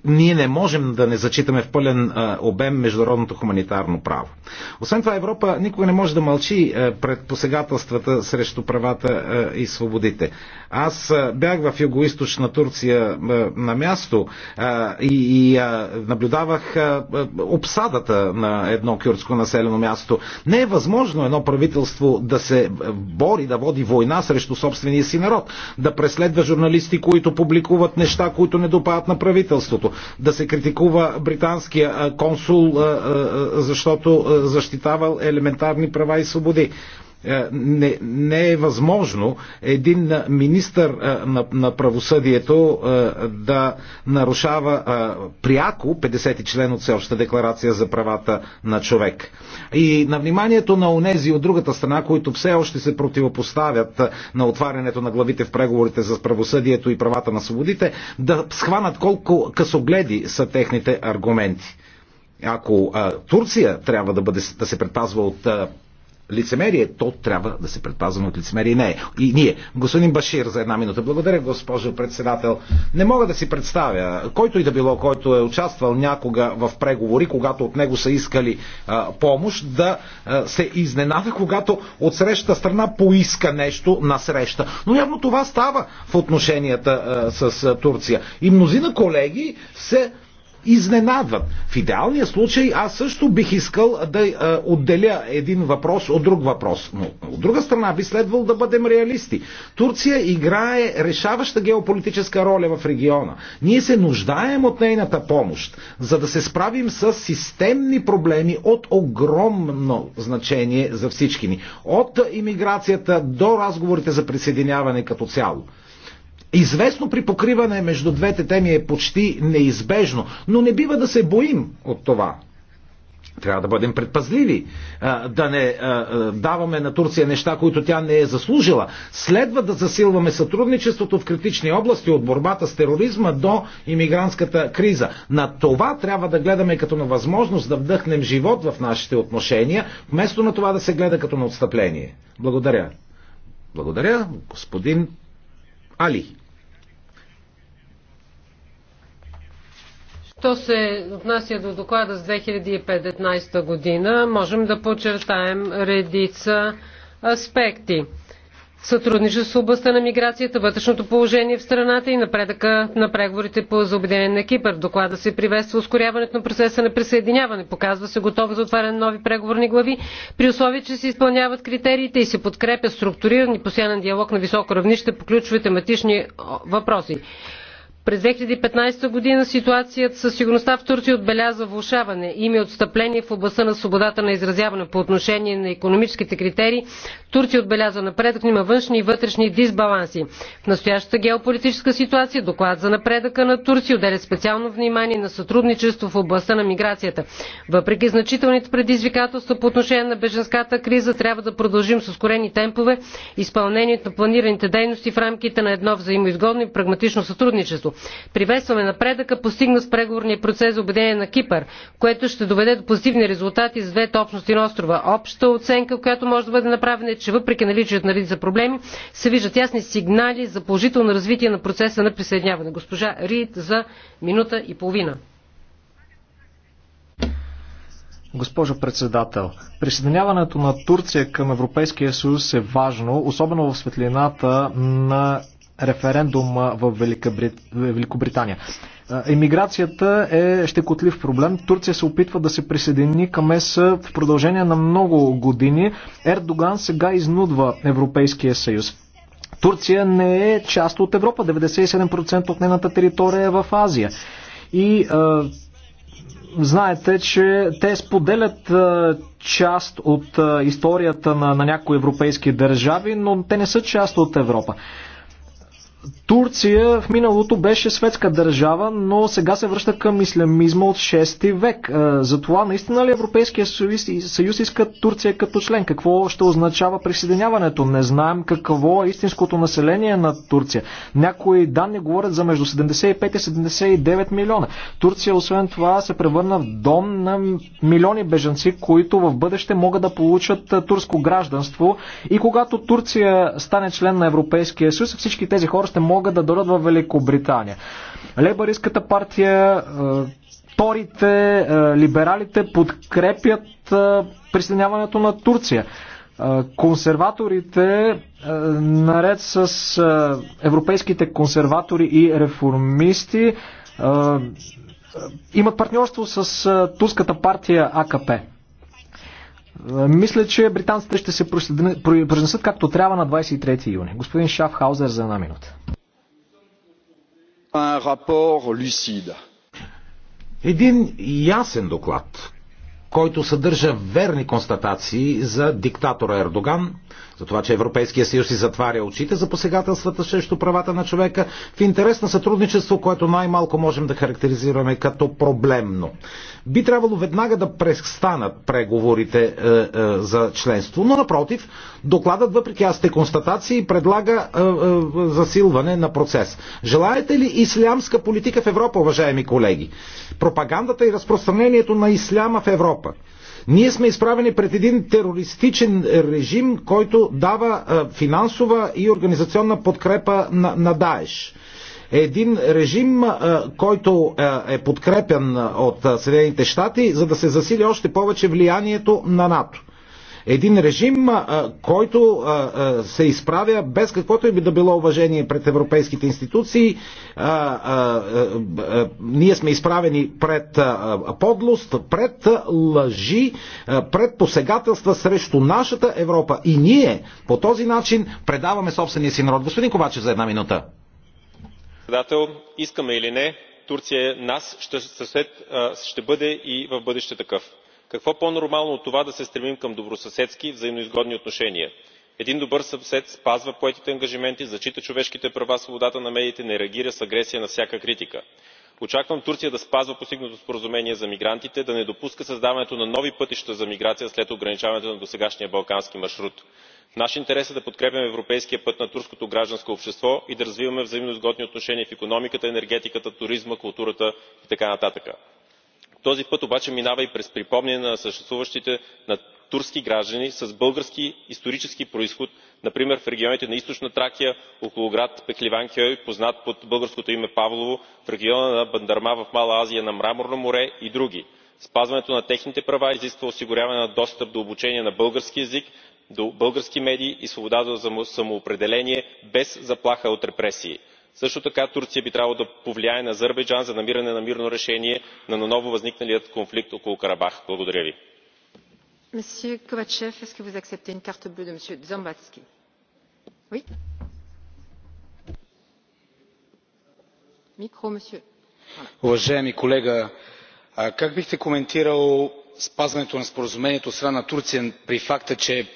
ние не можем да не зачитаме в пълен обем международното хуманитарно право. Освен това, Европа никога не може да мълчи пред посегателствата срещу правата и свободите. Аз бях в югоисточна Турция на място и наблюдавах обсадата на едно кюртско населено място. Не е възможно едно правителство да се бори, да води война срещу собствения си народ, да преследва журналисти, които публикуват неща, които не допадат на правителството правителството, да се критикува британския консул, защото защитавал елементарни права и свободи. Е, не, не е възможно един министър е, на, на правосъдието е, да нарушава пряко 50 ти член от Всеобща декларация за правата на човек. И на вниманието на онези от другата страна, които все още се противопоставят на отварянето на главите в преговорите за правосъдието и правата на свободите, да схванат колко късогледи са техните аргументи ако а, Турция трябва да, бъде, да се предпазва от а, лицемерие, то трябва да се предпазваме от лицемерие. Не. И ние. Господин Башир за една минута. Благодаря, госпожо председател. Не мога да си представя, който и да било, който е участвал някога в преговори, когато от него са искали а, помощ, да а, се изненада, когато от срещата страна поиска нещо на среща. Но явно това става в отношенията а, с а, Турция. И мнозина колеги се изненадват. В идеалния случай аз също бих искал да а, е, отделя един въпрос от друг въпрос. Но от друга страна би следвало да бъдем реалисти. Турция играе решаваща геополитическа роля в региона. Ние се нуждаем от нейната помощ, за да се справим с системни проблеми от огромно значение за всички ни. От имиграцията до разговорите за присъединяване като цяло. Известно при покриване между двете теми е почти неизбежно, но не бива да се боим от това. Трябва да бъдем предпазливи, да не даваме на Турция неща, които тя не е заслужила. Следва да засилваме сътрудничеството в критични области от борбата с тероризма до иммигрантската криза. На това трябва да гледаме като на възможност да вдъхнем живот в нашите отношения, вместо на това да се гледа като на отстъпление. Благодаря. Благодаря, господин Али.
Що се отнася до доклада с 2015 година, можем да подчертаем редица аспекти. Сътрудничество с областта на миграцията, вътрешното положение в страната и напредъка на преговорите по за на Кипър. В доклада се приветства ускоряването на процеса на присъединяване. Показва се готов за отваряне на нови преговорни глави, при условие, че се изпълняват критериите и се подкрепя структуриран и постоянен диалог на високо равнище по ключови тематични въпроси. През 2015 година ситуацията със сигурността в Турция отбелязва влушаване. Има отстъпление в областта на свободата на изразяване по отношение на економическите критерии. Турция отбелязва напредък, но има външни и вътрешни дисбаланси. В настоящата геополитическа ситуация доклад за напредъка на Турция отделя специално внимание на сътрудничество в областта на миграцията. Въпреки значителните предизвикателства по отношение на беженската криза, трябва да продължим с ускорени темпове изпълнението на планираните дейности в рамките на едно взаимоизгодно и прагматично сътрудничество. Приветстваме напредъка, постигна с преговорния процес за обединение на Кипър, което ще доведе до позитивни резултати за двете общности на острова. Общата оценка, която може да бъде направена е, че въпреки наличието на редица проблеми, се виждат ясни сигнали за положително развитие на процеса на присъединяване. Госпожа Рид за минута и половина.
Госпожо председател, присъединяването на Турция към Европейския съюз е важно, особено в светлината на референдума в Великобрит... Великобритания. Емиграцията е щекотлив проблем. Турция се опитва да се присъедини към ЕС в продължение на много години. Ердоган сега изнудва Европейския съюз. Турция не е част от Европа. 97% от нейната територия е в Азия. И а, знаете, че те споделят а, част от а, историята на, на някои европейски държави, но те не са част от Европа. Турция в миналото беше светска държава, но сега се връща към ислямизма от 6 век. Затова наистина ли Европейския съюз, съюз иска Турция като член? Какво ще означава присъединяването? Не знаем какво е истинското население на Турция. Някои данни говорят за между 75 и 79 милиона. Турция освен това се превърна в дом на милиони бежанци, които в бъдеще могат да получат турско гражданство. И когато Турция стане член на Европейския съюз, всички тези хора ще могат да дойдат в Великобритания. Лейбаристската партия, е, торите, е, либералите подкрепят е, присъединяването на Турция. Консерваторите, наред с европейските консерватори и реформисти, имат партньорство с турската партия АКП. Е, мисля, че британците ще се произнесат както трябва на 23 юни. Господин Шафхаузер за една минута.
Един ясен доклад, който съдържа верни констатации за диктатора Ердоган, за това, че Европейския съюз си затваря очите за посегателствата срещу правата на човека в интерес на сътрудничество, което най-малко можем да характеризираме като проблемно. Би трябвало веднага да престанат преговорите е, е, за членство, но напротив, докладът, въпреки аз констатации, предлага е, е, засилване на процес. Желаете ли ислямска политика в Европа, уважаеми колеги? Пропагандата и разпространението на исляма в Европа ние сме изправени пред един терористичен режим, който дава финансова и организационна подкрепа на, на Даеш един режим, който е подкрепен от Съединените щати, за да се засили още повече влиянието на НАТО. Един режим, който се изправя без каквото и би да било уважение пред европейските институции. Ние сме изправени пред подлост, пред лъжи, пред посегателства срещу нашата Европа. И ние по този начин предаваме собствения си народ. Господин Ковачев за една минута.
Председател, искаме или не, Турция е нас ще, съсед, ще бъде и в бъдеще такъв какво по нормално от това да се стремим към добросъседски взаимноизгодни отношения? един добър съсед спазва поетите ангажименти зачита човешките права свободата на медиите не реагира с агресия на всяка критика. очаквам турция да спазва постигнатото споразумение за мигрантите да не допуска създаването на нови пътища за миграция след ограничаването на досегашния балкански маршрут. в наш интерес е да подкрепяме европейския път на турското гражданско общество и да развиваме взаимноизгодни отношения в икономиката енергетиката туризма културата и така нататък този път обаче минава и през припомняне на съществуващите на турски граждани с български исторически произход например в регионите на източна тракия около град пехливанкьой познат под българското име павлово в региона на бандарма в мала азия на мраморно море и други. спазването на техните права изисква осигуряване на достъп до обучение на български език до български медии и свобода за самоопределение без заплаха от репресии също така турция би трябвало да повлияе на азербайджан за намиране на мирно решение на наново възникналия конфликт около карабах. благодаря ви.
уважаеми колега как бихте коментирали спазването на споразумението от страна на турция при факта че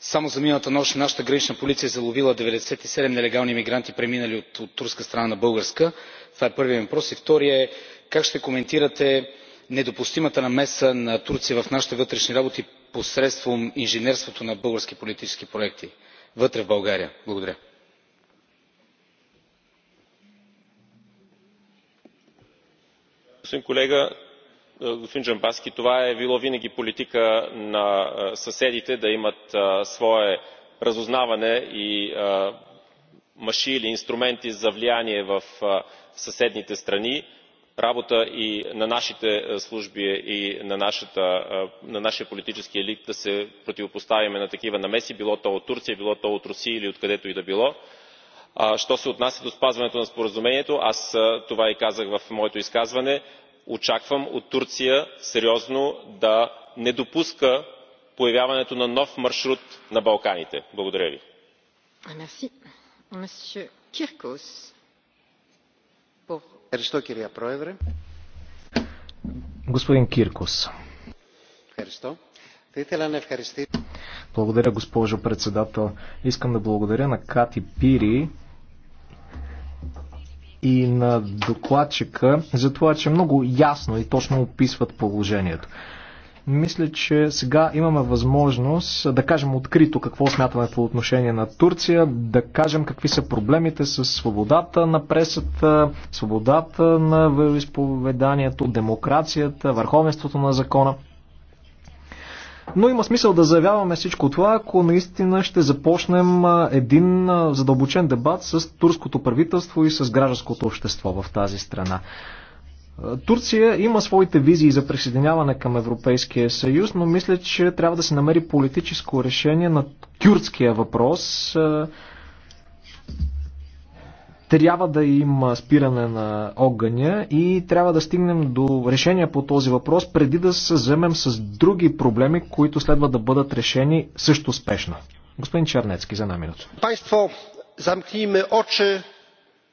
само за миналата нощ нашата гранична полиция е заловила деветдесет и седем нелегални мигранти преминали от турска страна на българска. това е първият ми въпрос. вторият е как ще коментирате недопустимата намеса на турция в нашите вътрешни работи посредством инженерството на български политически проекти вътре в българия? благодаря.
колега е, господин джамбазки това е било винаги политика на е, съседите да имат е, свое разузнаване и маши или инструменти за влияние в съседните страни. работа и на нашите служби и на нашия политически елит да се противопоставяме на такива намеси било то от турция било то от русия или откъдето и да било. що се отнася до спазването на споразумението аз това и казах в моето изказване очаквам от турция сериозно да не допуска появяването на нов маршрут на балканите. благодаря ви.
господин киркос благодаря госпожо председател. искам да благодаря на кати пири и на докладчика за това, че много ясно и точно описват положението. Мисля, че сега имаме възможност да кажем открито какво смятаме по отношение на Турция, да кажем какви са проблемите с свободата на пресата, свободата на вероисповеданието, демокрацията, върховенството на закона. Но има смисъл да заявяваме всичко това, ако наистина ще започнем един задълбочен дебат с турското правителство и с гражданското общество в тази страна. Турция има своите визии за присъединяване към Европейския съюз, но мисля, че трябва да се намери политическо решение на тюркския въпрос трябва да има спиране на огъня и трябва да стигнем до решения по този въпрос, преди да се вземем с други проблеми, които следва да бъдат решени също спешно. Господин Чернецки, за една минута.
Пайство, zamknijmy очи,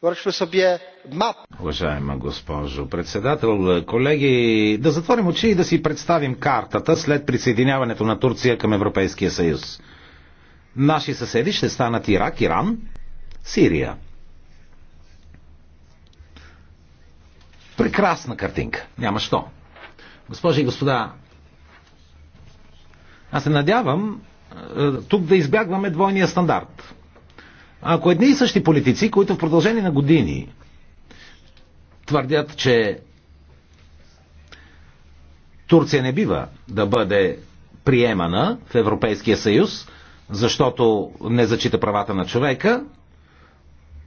вършме събие мап.
Уважаема госпожо председател, колеги, да затворим очи и да си представим картата след присъединяването на Турция към Европейския съюз. Наши съседи ще станат Ирак, Иран, Сирия. Прекрасна картинка. Няма що. Госпожи и господа, аз се надявам е, тук да избягваме двойния стандарт. Ако едни и същи политици, които в продължение на години твърдят, че Турция не бива да бъде приемана в Европейския съюз, защото не зачита правата на човека,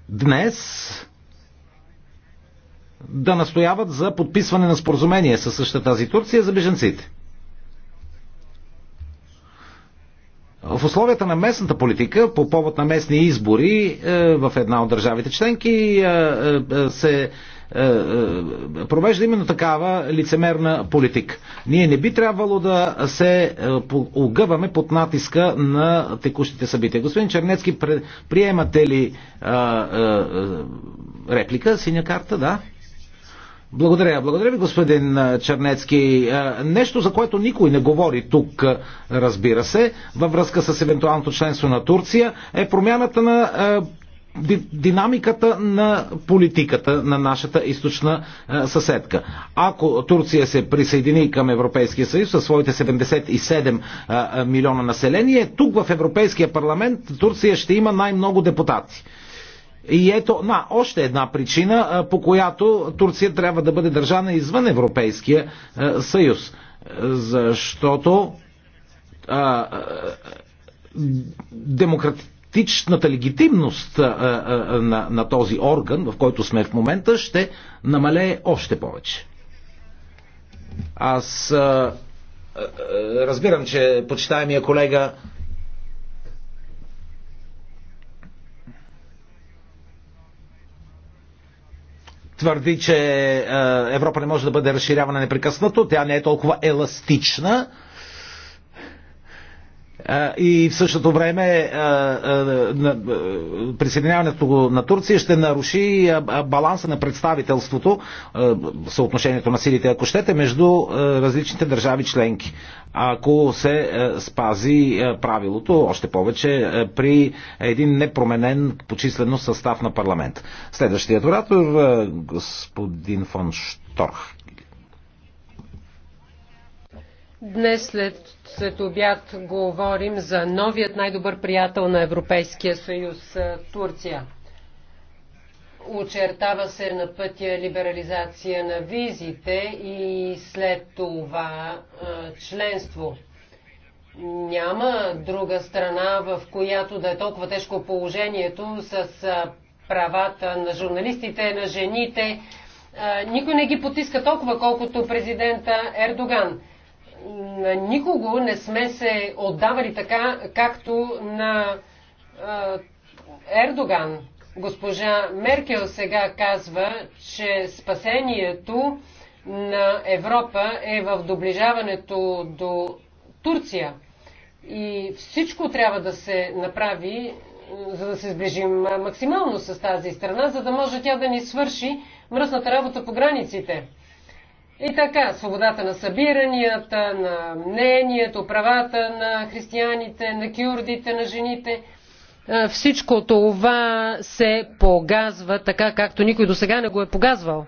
днес да настояват за подписване на споразумение със същата тази Турция за беженците. В условията на местната политика, по повод на местни избори е, в една от държавите членки, е, е, се провежда именно такава лицемерна политика. Ние не би трябвало да се огъваме под натиска на текущите събития. Господин Чернецки, приемате ли реплика, синя карта, да? Благодаря. Благодаря ви, господин Чернецки. Нещо, за което никой не говори тук, разбира се, във връзка с евентуалното членство на Турция, е промяната на динамиката на политиката на нашата източна съседка. Ако Турция се присъедини към Европейския съюз със своите 77 милиона население, тук в Европейския парламент Турция ще има най-много депутати. И ето, на, още една причина, по която Турция трябва да бъде държана извън Европейския съюз. Защото а, демократичната легитимност а, а, на, на този орган, в който сме в момента, ще намалее още повече. Аз а, а, разбирам, че почитаемия колега твърди, че е, Европа не може да бъде разширявана непрекъснато, тя не е толкова еластична, и в същото време присъединяването на Турция ще наруши баланса на представителството, съотношението на силите, ако щете, между различните държави членки. Ако се спази правилото, още повече при един непроменен по състав на парламент. Следващият оратор, господин фон Шторх.
Днес след, след обяд говорим за новият най-добър приятел на Европейския съюз – Турция. Очертава се на пътя либерализация на визите и след това членство. Няма друга страна, в която да е толкова тежко положението с правата на журналистите, на жените. Никой не ги потиска толкова, колкото президента Ердоган никого не сме се отдавали така, както на Ердоган. Госпожа Меркел сега казва, че спасението на Европа е в доближаването до Турция. И всичко трябва да се направи, за да се сближим максимално с тази страна, за да може тя да ни свърши мръсната работа по границите. И така, свободата на събиранията, на мнението, правата на християните, на кюрдите, на жените, всичко това се погазва така, както никой до сега не го е погазвал.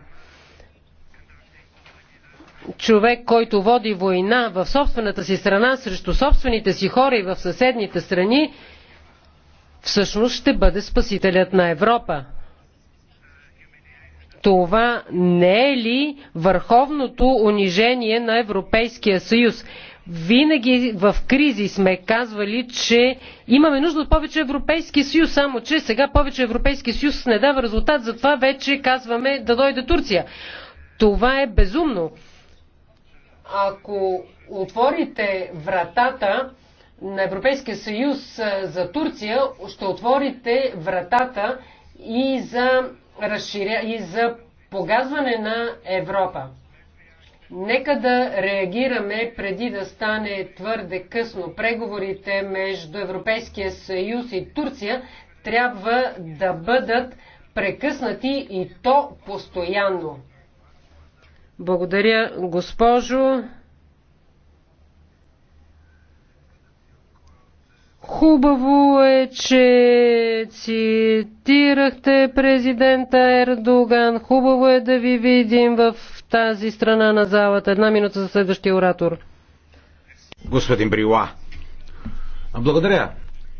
Човек, който води война в собствената си страна срещу собствените си хора и в съседните страни, всъщност ще бъде спасителят на Европа. Това не е ли върховното унижение на Европейския съюз? Винаги в кризи сме казвали, че имаме нужда от повече Европейски съюз, само че сега повече Европейски съюз не дава резултат, затова вече казваме да дойде Турция. Това е безумно. Ако отворите вратата на Европейския съюз за Турция, ще отворите вратата и за разширя и за погазване на Европа. Нека да реагираме преди да стане твърде късно. Преговорите между Европейския съюз и Турция трябва да бъдат прекъснати и то постоянно. Благодаря, госпожо. Хубаво е, че цитирахте президента Ердоган. Хубаво е да ви видим в тази страна на залата. Една минута за следващия оратор.
Господин Брила, благодаря.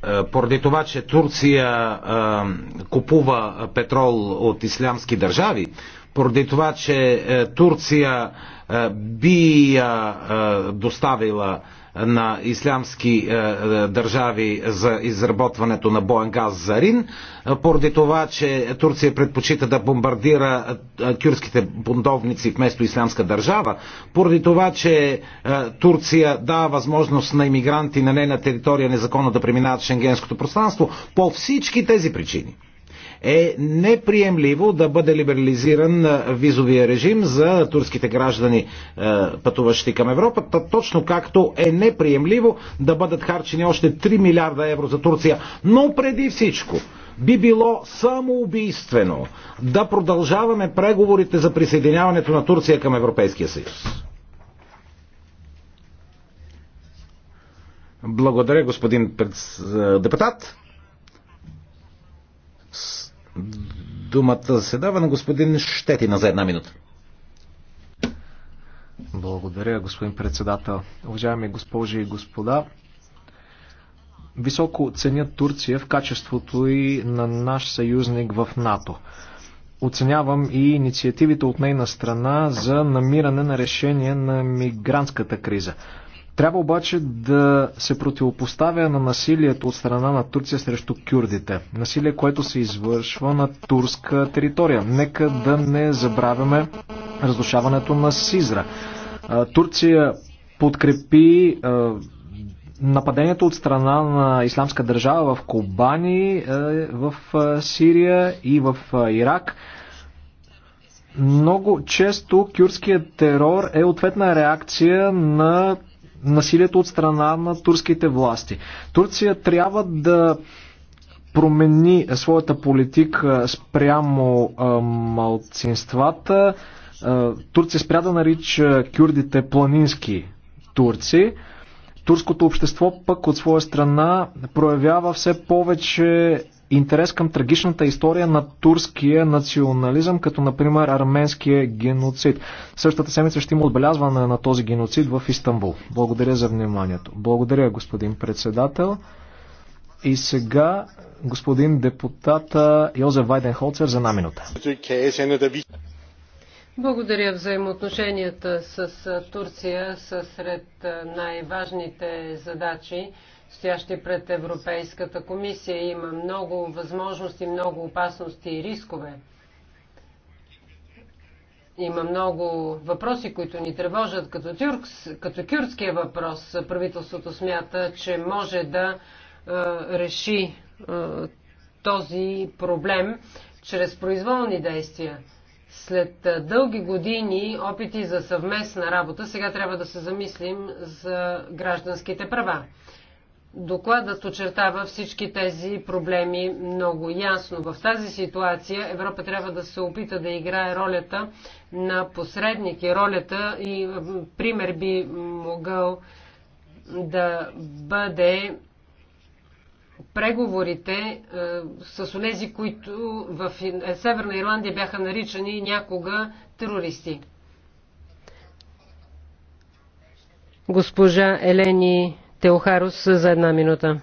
Е, поради това, че Турция е, купува петрол от ислямски държави, поради това, че е, Турция би доставила на ислямски е, е, държави за изработването на боен газ за Рин, е, поради това, че Турция предпочита да бомбардира кюрските бунтовници вместо ислямска държава, поради това, че Турция дава възможност на иммигранти на нейна територия незаконно да преминават в шенгенското пространство, по всички тези причини е неприемливо да бъде либерализиран визовия режим за турските граждани, пътуващи към Европа, точно както е неприемливо да бъдат харчени още 3 милиарда евро за Турция. Но преди всичко, би било самоубийствено да продължаваме преговорите за присъединяването на Турция към Европейския съюз. Благодаря, господин депутат. Думата се дава на господин Щетина за една минута.
Благодаря, господин председател. Уважаеми госпожи и господа, високо ценя Турция в качеството и на наш съюзник в НАТО. Оценявам и инициативите от нейна страна за намиране на решение на мигрантската криза. Трябва обаче да се противопоставя на насилието от страна на Турция срещу кюрдите. Насилие, което се извършва на турска територия. Нека да не забравяме разрушаването на Сизра. Турция подкрепи нападението от страна на Исламска държава в Кобани, в Сирия и в Ирак. Много често кюрдският терор е ответна реакция на насилието от страна на турските власти. Турция трябва да промени своята политика спрямо малцинствата. Турция спря да нарича кюрдите планински турци. Турското общество пък от своя страна проявява все повече интерес към трагичната история на турския национализъм, като например арменския геноцид. Същата седмица ще има отбелязване на този геноцид в Истанбул. Благодаря за вниманието. Благодаря, господин председател. И сега господин депутата Йозеф Вайденхолцер за една минута.
Благодаря. Взаимоотношенията с Турция са сред най-важните задачи стоящи пред Европейската комисия. Има много възможности, много опасности и рискове. Има много въпроси, които ни тревожат, като, тюркс, като кюртския въпрос. Правителството смята, че може да е, реши е, този проблем чрез произволни действия. След е, дълги години опити за съвместна работа, сега трябва да се замислим за гражданските права. Докладът очертава всички тези проблеми много ясно. В тази ситуация Европа трябва да се опита да играе ролята на посредник и ролята и пример би могъл да бъде преговорите е, с тези, които в е, Северна Ирландия бяха наричани някога терористи. Госпожа Елени Теохарус за една минута.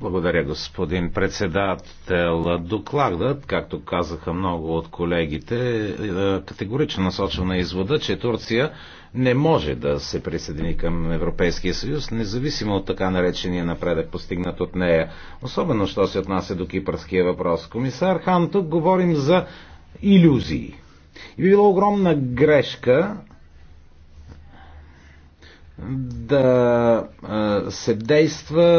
Благодаря, господин председател. Докладът, както казаха много от колегите, е, категорично насочва на извода, че Турция не може да се присъедини към Европейския съюз, независимо от така наречения напредък, постигнат от нея. Особено, що се отнася до кипърския въпрос. Комисар Хан, тук говорим за иллюзии. И би било огромна грешка да се действа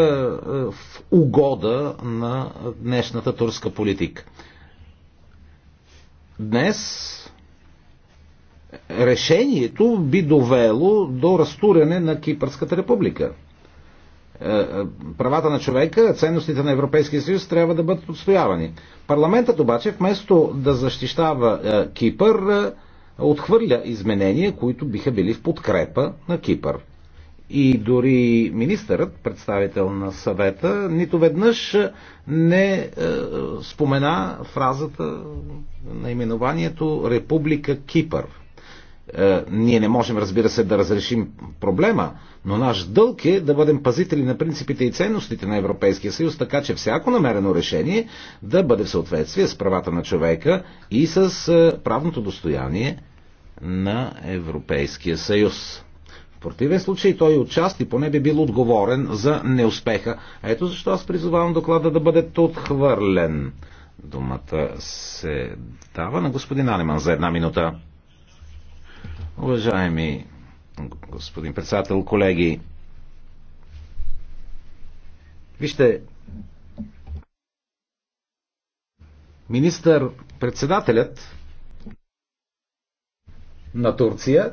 в угода на днешната турска политика. Днес решението би довело до разтуряне на Кипърската република. Е, е, правата на човека, ценностите на Европейския съюз трябва да бъдат отстоявани. Парламентът обаче, вместо да защищава е, Кипър, отхвърля изменения, които биха били в подкрепа на Кипър. И дори министърът, представител на съвета, нито веднъж не е, спомена фразата, наименованието Република Кипър. Е, ние не можем, разбира се, да разрешим проблема, но наш дълг е да бъдем пазители на принципите и ценностите на Европейския съюз, така че всяко намерено решение да бъде в съответствие с правата на човека и с е, правното достояние на Европейския съюз. В противен случай той отчасти поне би бил отговорен за неуспеха. Ето защо аз призовавам доклада да бъде отхвърлен. Думата се дава на господин Анеман за една минута. Уважаеми господин председател, колеги, вижте, министър-председателят на Турция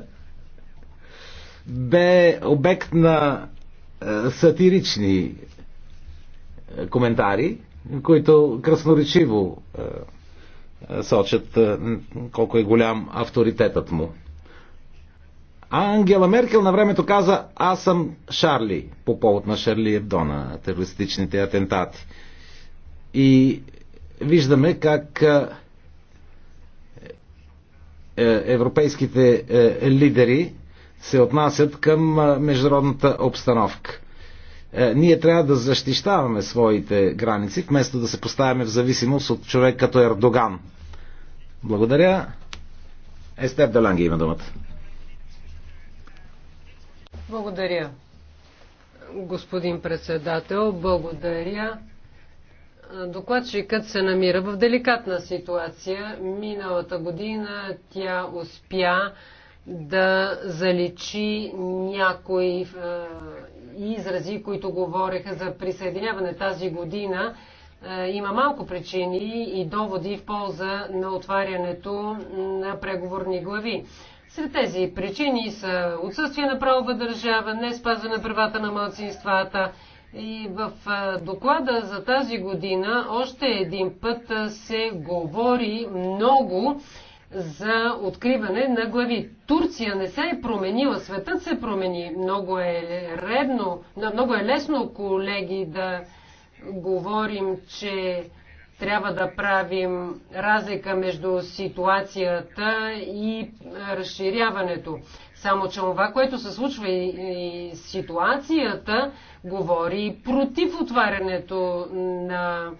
бе обект на е, сатирични е, коментари, които красноречиво е, сочат колко е голям авторитетът му. А Ангела Меркел на времето каза Аз съм Шарли по повод на Шарли Ебдо на терористичните атентати. И виждаме как европейските лидери се отнасят към международната обстановка. Е, ние трябва да защищаваме своите граници, вместо да се поставяме в зависимост от човек като Ердоган. Благодаря. Естер Даланги има думата.
Благодаря, господин председател. Благодаря. Докладчикът се намира в деликатна ситуация. Миналата година тя успя да заличи някои е, изрази, които говореха за присъединяване тази година. Е, има малко причини и доводи в полза на отварянето на преговорни глави. Сред тези причини са отсъствие на правова държава, не спазване на правата на младсинствата. И в е, доклада за тази година още един път се говори много за откриване на глави. Турция не се е променила, светът се промени. Много е, редно, много е лесно, колеги, да говорим, че трябва да правим разлика между ситуацията и разширяването. Само, че това, което се случва и, и ситуацията, говори против отварянето на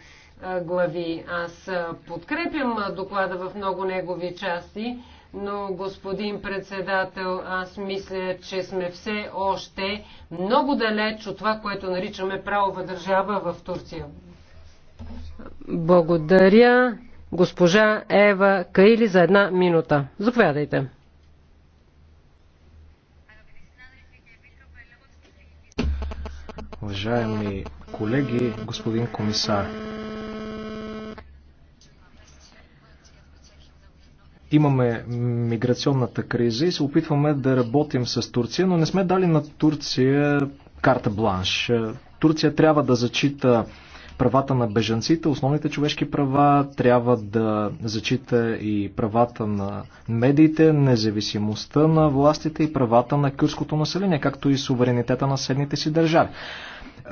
глави. Аз подкрепям доклада в много негови части, но господин председател, аз мисля, че сме все още много далеч от това, което наричаме правова държава в Турция. Благодаря госпожа Ева Каили за една минута. Заповядайте.
Уважаеми колеги, господин комисар, имаме миграционната криза и се опитваме да работим с Турция, но не сме дали на Турция карта бланш. Турция трябва да зачита правата на бежанците, основните човешки права, трябва да зачита и правата на медиите, независимостта на властите и правата на кюрското население, както и суверенитета на съседните си държави.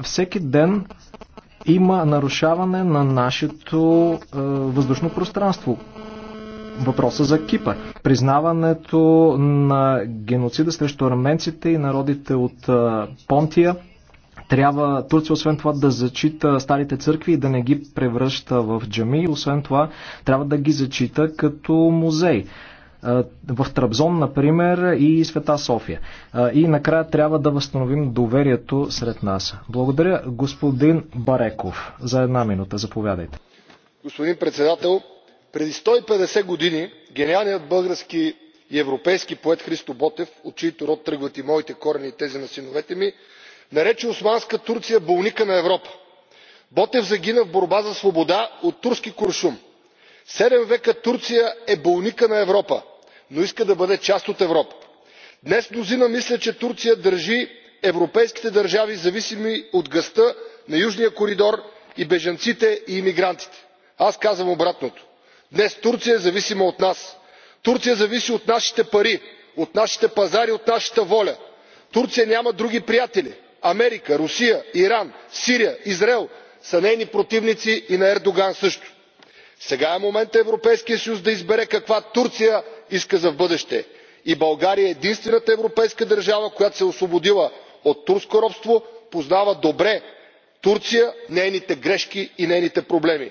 Всеки ден има нарушаване на нашето е, въздушно пространство въпроса за Кипър. Признаването на геноцида срещу арменците и народите от Понтия трябва Турция освен това да зачита старите църкви и да не ги превръща в джами. Освен това трябва да ги зачита като музей. В Трабзон, например, и Света София. И накрая трябва да възстановим доверието сред нас. Благодаря господин Бареков. За една минута. Заповядайте.
Господин председател, преди сто и петдесет години гениалният български и европейски поет христо ботев от чийто род тръгват и моите корени и тези на синовете ми нарече османска турция болника на европа. ботев загина в борба за свобода от турски куршум. седем века турция е болника на европа но иска да бъде част от европа. днес мнозина мислят че турция държи европейските държави зависими от газта на южния коридор и бежанците и имигрантите. аз казвам обратното днес турция е зависима от нас. турция зависи от нашите пари от нашите пазари от нашата воля. турция няма други приятели. америка русия иран сирия израел са нейни противници и на ердоган също. сега е моментът европейският съюз да избере каква турция иска за в бъдеще и българия е единствената европейска държава която се е освободила от турско робство познава добре турция нейните грешки и нейните проблеми.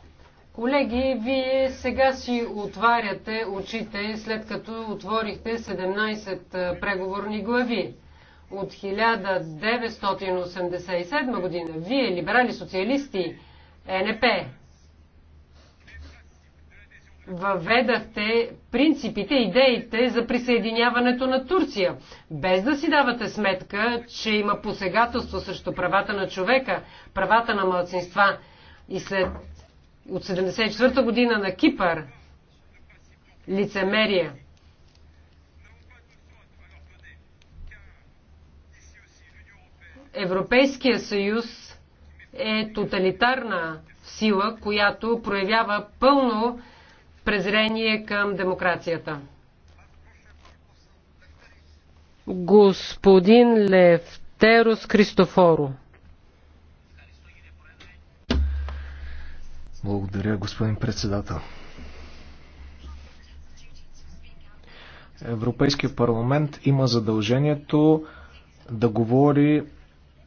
Колеги, вие сега си отваряте очите, след като отворихте 17 е, преговорни глави. От 1987 година, вие, либерали социалисти, НП, въведахте принципите, идеите за присъединяването на Турция, без да си давате сметка, че има посегателство срещу правата на човека, правата на младсинства. И след от 74-та година на Кипър. Лицемерие. Европейския съюз е тоталитарна сила, която проявява пълно презрение към демокрацията. Господин Левтерос Кристофоро
Благодаря, господин председател. Европейския парламент има задължението да говори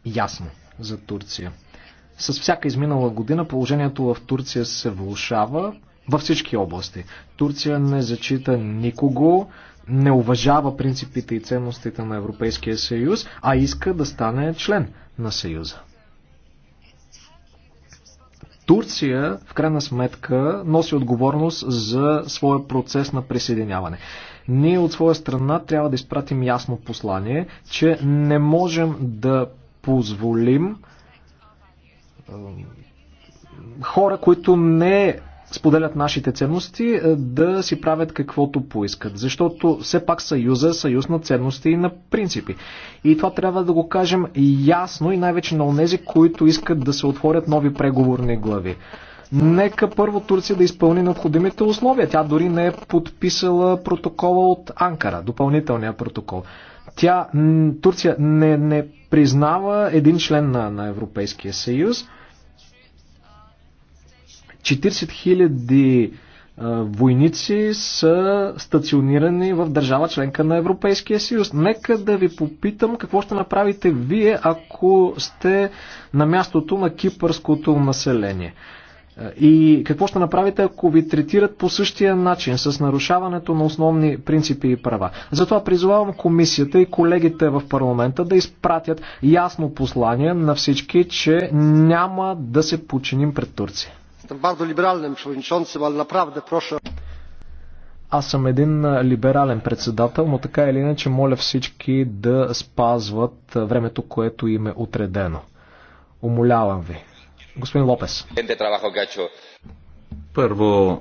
ясно за Турция. С всяка изминала година положението в Турция се влушава във всички области. Турция не зачита никого, не уважава принципите и ценностите на Европейския съюз, а иска да стане член на съюза. Турция, в крайна сметка, носи отговорност за своя процес на присъединяване. Ние от своя страна трябва да изпратим ясно послание, че не можем да позволим хора, които не споделят нашите ценности, е, да си правят каквото поискат. Защото все пак съюза е съюз на ценности и на принципи. И това трябва да го кажем ясно и най-вече на онези, които искат да се отворят нови преговорни глави. Нека първо Турция да изпълни необходимите условия. Тя дори не е подписала протокола от Анкара, допълнителния протокол. Тя, Турция не, не признава един член на, на Европейския съюз. 40 хиляди войници са стационирани в държава членка на Европейския съюз. Нека да ви попитам какво ще направите вие, ако сте на мястото на кипърското население. И какво ще направите, ако ви третират по същия начин, с нарушаването на основни принципи и права? Затова призовавам комисията и колегите в парламента да изпратят ясно послание на всички, че няма да се починим пред Турция.
Jestem bardzo liberalnym przewodniczącym,
ale naprawdę proszę. Аз съм един либерален председател, но така или иначе моля всички да спазват времето, което им е отредено. Умолявам ви. Господин Лопес.
Е
Първо,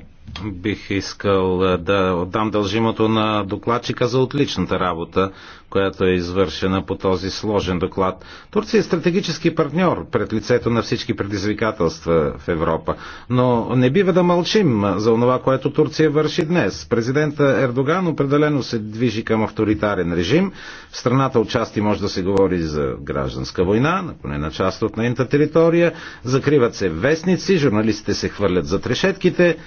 Бих искал е, да отдам дължимото на докладчика за отличната работа, която е извършена по този сложен доклад. Турция е стратегически партньор пред лицето на всички предизвикателства в Европа. Но не бива да мълчим за това, което Турция върши днес. Президента Ердоган определено се движи към авторитарен режим. В страната отчасти може да се говори за гражданска война, поне на част от нейната територия. Закриват се вестници, журналистите се хвърлят за трешетките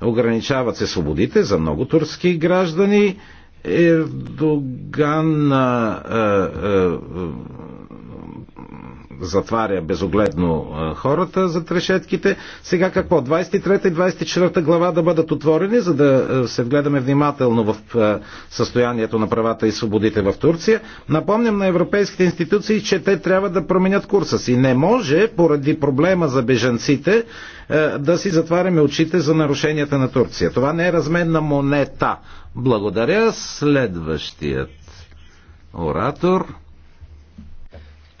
ограничават се свободите за много турски граждани. Ердоган а, а, а, затваря безогледно хората за трешетките. Сега какво? 23 и 24 глава да бъдат отворени, за да се вгледаме внимателно в състоянието на правата и свободите в Турция. Напомням на европейските институции, че те трябва да променят курса си. Не може, поради проблема за бежанците, да си затваряме очите за нарушенията на Турция. Това не е разменна монета. Благодаря. Следващият оратор.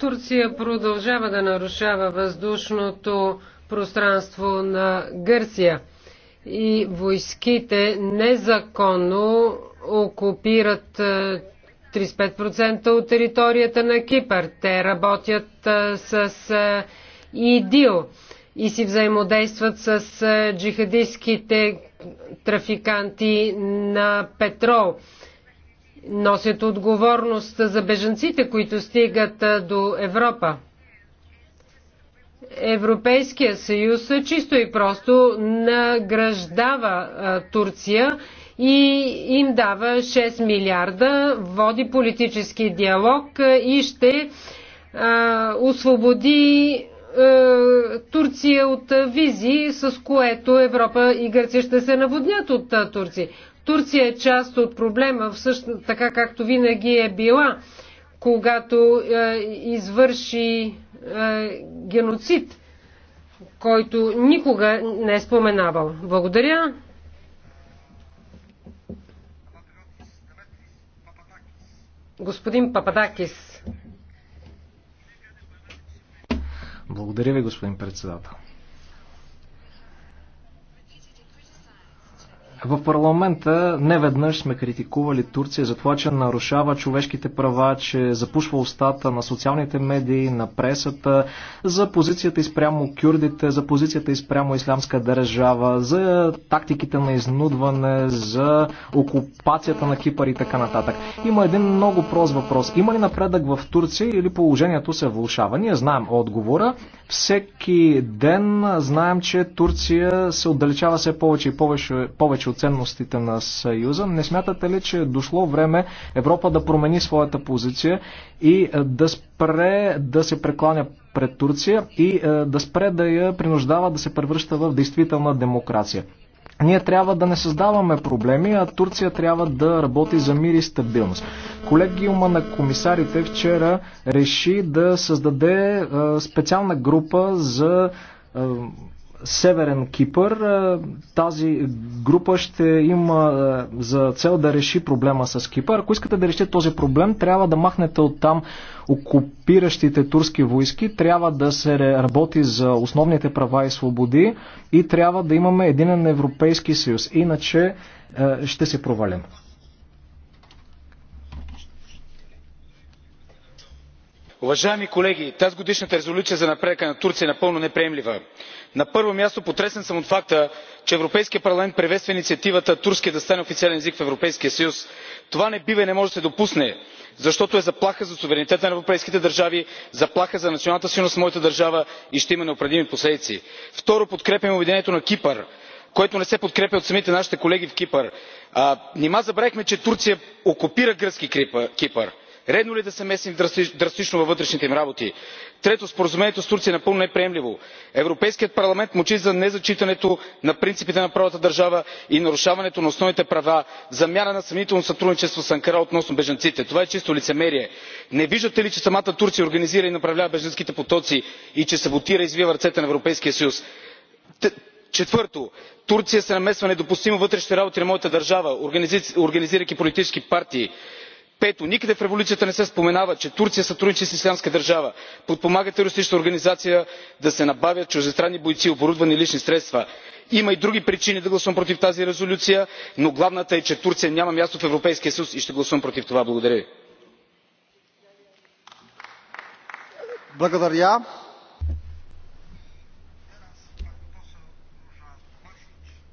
Турция продължава да нарушава въздушното пространство на Гърция и войските незаконно окупират 35% е, от територията на Кипър. Те работят е, с е, ИДИЛ и си взаимодействат с джихадистските трафиканти на петрол носят отговорност за бежанците, които стигат до Европа. Европейския съюз чисто и просто награждава Турция и им дава 6 милиарда, води политически диалог и ще освободи Турция от визи, с което Европа и Гърция ще се наводнят от Турция. Турция е част от проблема, всъщност, така както винаги е била, когато е, извърши е, геноцид, който никога не е споменавал. Благодаря. Господин Пападакис.
Благодаря ви, господин председател. В парламента не веднъж сме критикували Турция за това, че нарушава човешките права, че запушва устата на социалните медии, на пресата, за позицията изпрямо кюрдите, за позицията изпрямо ислямска държава, за тактиките на изнудване, за окупацията на Кипър и така нататък. Има един много прост въпрос. Има ли напредък в Турция или положението се влушава? Ние знаем отговора. Всеки ден знаем, че Турция се отдалечава все повече и повече, повече от ценностите на Съюза. Не смятате ли, че е дошло време Европа да промени своята позиция и е, да спре да се прекланя пред Турция и е, да спре да я принуждава да се превръща в действителна демокрация? Ние трябва да не създаваме проблеми, а Турция трябва да работи за мир и стабилност. Колегиума на комисарите вчера реши да създаде е, специална група за Северен Кипър. Е, тази група ще има е, за цел да реши проблема с Кипър. Ако искате да решите този проблем, трябва да махнете от там окупиращите турски войски, трябва да се работи за основните права и свободи и трябва да имаме един Европейски съюз. Иначе е, ще се провалим.
Уважаеми колеги, тази годишната резолюция за напредъка на Турция е напълно неприемлива на първо място потресен съм от факта че европейският парламент приветства инициативата турският да стане официален език в европейския съюз. това не бива и не може да се допусне защото е заплаха за суверенитета на европейските държави заплаха за националната сигурност в моята държава и ще има непоправими последици. второ подкрепяме обединението на кипър което не се подкрепя от самите наши колеги в кипър. нима забравихме че турция окупира гръцки кипър? редно ли е да се месим драстично във вътрешните им работи? трето споразумението с турция е напълно неприемливо. европейският парламент мълчи за незачитането на принципите на правовата държава и нарушаването на основните права в замяна на съмнително сътрудничество с анкара относно бежанците. това е чисто лицемерие. не виждате ли че самата турция организира и направлява бежанските потоци и че саботира и извива ръцете на европейския съюз? четвърто турция се намесва недопустимо във вътрешните работи на моята държава организирайки политически партии пето никъде в резолюцията не се споменава че турция сътрудничи с ислямска държава подпомага терористична организация да се набавят чуждестранни бойци оборудване и лични средства. има и други причини да гласувам против тази резолюция но главната е че турция няма място в европейския съюз и ще гласувам против това. благодаря
ви.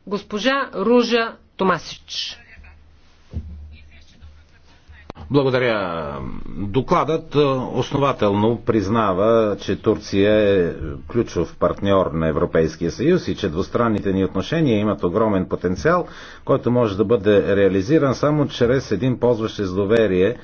госпожа ружа томасич
благодаря. Докладът е, основателно признава, че Турция е ключов партньор на Европейския съюз и че двустранните ни отношения имат огромен потенциал, който може да бъде реализиран само чрез един ползващ с доверие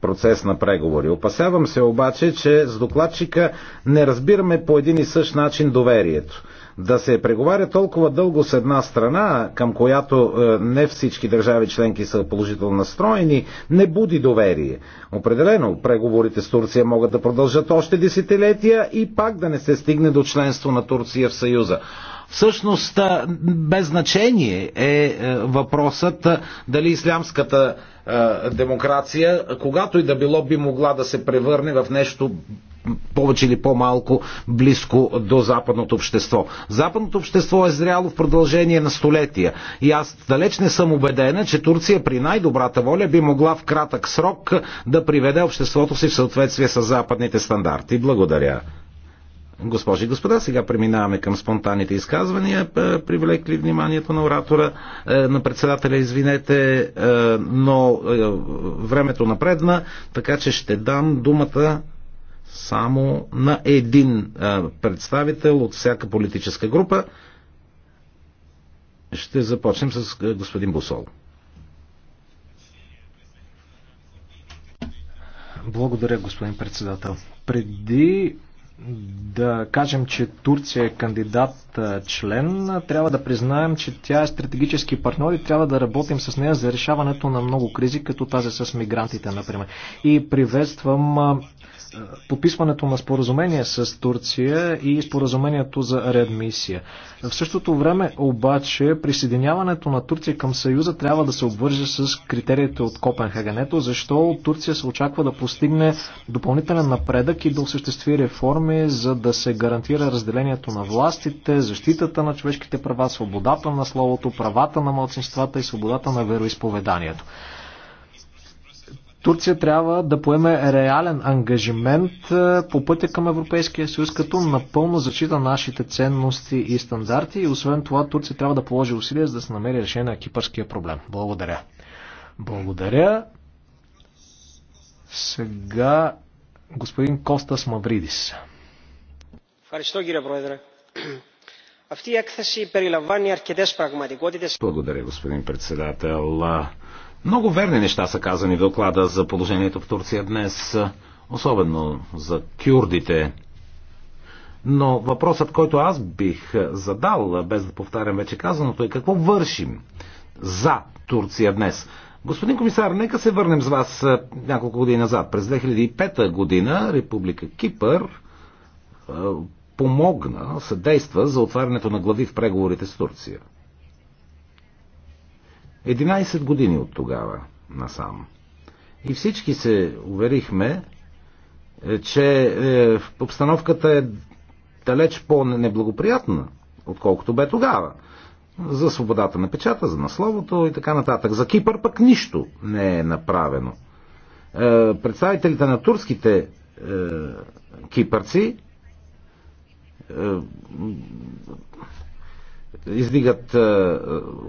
процес на преговори. Опасявам се обаче, че с докладчика не разбираме по един и същ начин доверието. Да се преговаря толкова дълго с една страна, към която е, не всички държави членки са положително настроени, не буди доверие. Определено, преговорите с Турция могат да продължат още десетилетия и пак да не се стигне до членство на Турция в Съюза. Всъщност, е, без значение е, е въпросът дали ислямската демокрация, когато и да било, би могла да се превърне в нещо повече или по-малко близко до западното общество. Западното общество е зряло в продължение на столетия и аз далеч не съм убедена, че Турция при най-добрата воля би могла в кратък срок да приведе обществото си в съответствие с западните стандарти. Благодаря. Госпожи и господа, сега преминаваме към спонтанните изказвания, привлекли вниманието на оратора, е, на председателя, извинете, е, но е, времето напредна, така че ще дам думата само на един представител от всяка политическа група. Ще започнем с господин Бусол.
Благодаря, господин председател. Преди да кажем, че Турция е кандидат член, трябва да признаем, че тя е стратегически партньор и трябва да работим с нея за решаването на много кризи, като тази с мигрантите, например. И приветствам е, подписването на споразумение с Турция и споразумението за реадмисия. В същото време обаче присъединяването на Турция към Съюза трябва да се обвърже с критериите от Копенхаген. Ето защо Турция се очаква да постигне допълнителен напредък и да осъществи реформи, за да се гарантира разделението на властите, защитата на човешките права, свободата на словото, правата на младсинствата и свободата на вероисповеданието. Турция трябва да поеме реален ангажимент е, по пътя към Европейския съюз, като напълно зачита нашите ценности и стандарти. И освен това, Турция трябва да положи усилия за да се намери решение на кипърския проблем. Благодаря. Благодаря. Сега господин Костас Мавридис.
Благодаря, господин председател. Много верни неща са казани в доклада за положението в Турция днес, особено за кюрдите. Но въпросът, който аз бих задал, без да повтарям вече казаното, е какво вършим за Турция днес. Господин комисар, нека се върнем с вас е, няколко години назад. През 2005 година Република Кипър е, помогна, съдейства за отварянето на глави в преговорите с Турция. 11 години от тогава насам. И всички се уверихме, е, че е, обстановката е далеч по-неблагоприятна, отколкото бе тогава. За свободата на печата, за насловото и така нататък. За Кипър пък нищо не е направено. Е, представителите на турските кипърци издигат е,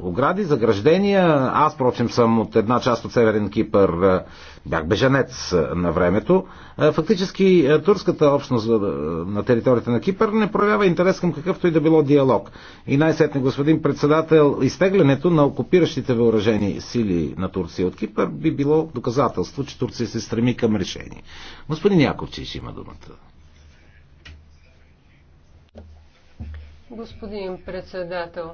огради, заграждения. Аз, впрочем, съм от една част от Северен Кипър, е, бях беженец е, на времето. Е, фактически е, турската общност е, на територията на Кипър не проявява интерес към какъвто и да било диалог. И най-сетне, господин председател, изтеглянето на окупиращите въоръжени сили на Турция от Кипър би било доказателство, че Турция се стреми към решение. Господин Яковчич има думата.
Господин председател,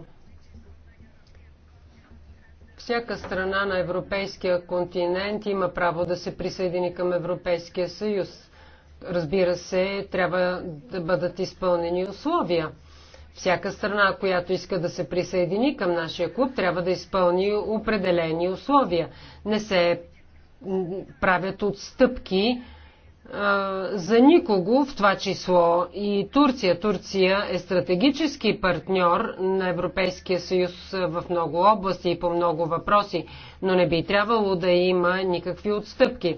всяка страна на европейския континент има право да се присъедини към Европейския съюз. Разбира се, трябва да бъдат изпълнени условия. Всяка страна, която иска да се присъедини към нашия клуб, трябва да изпълни определени условия. Не се правят отстъпки за никого, в това число и Турция. Турция е стратегически партньор на Европейския съюз в много области и по много въпроси, но не би трябвало да има никакви отстъпки.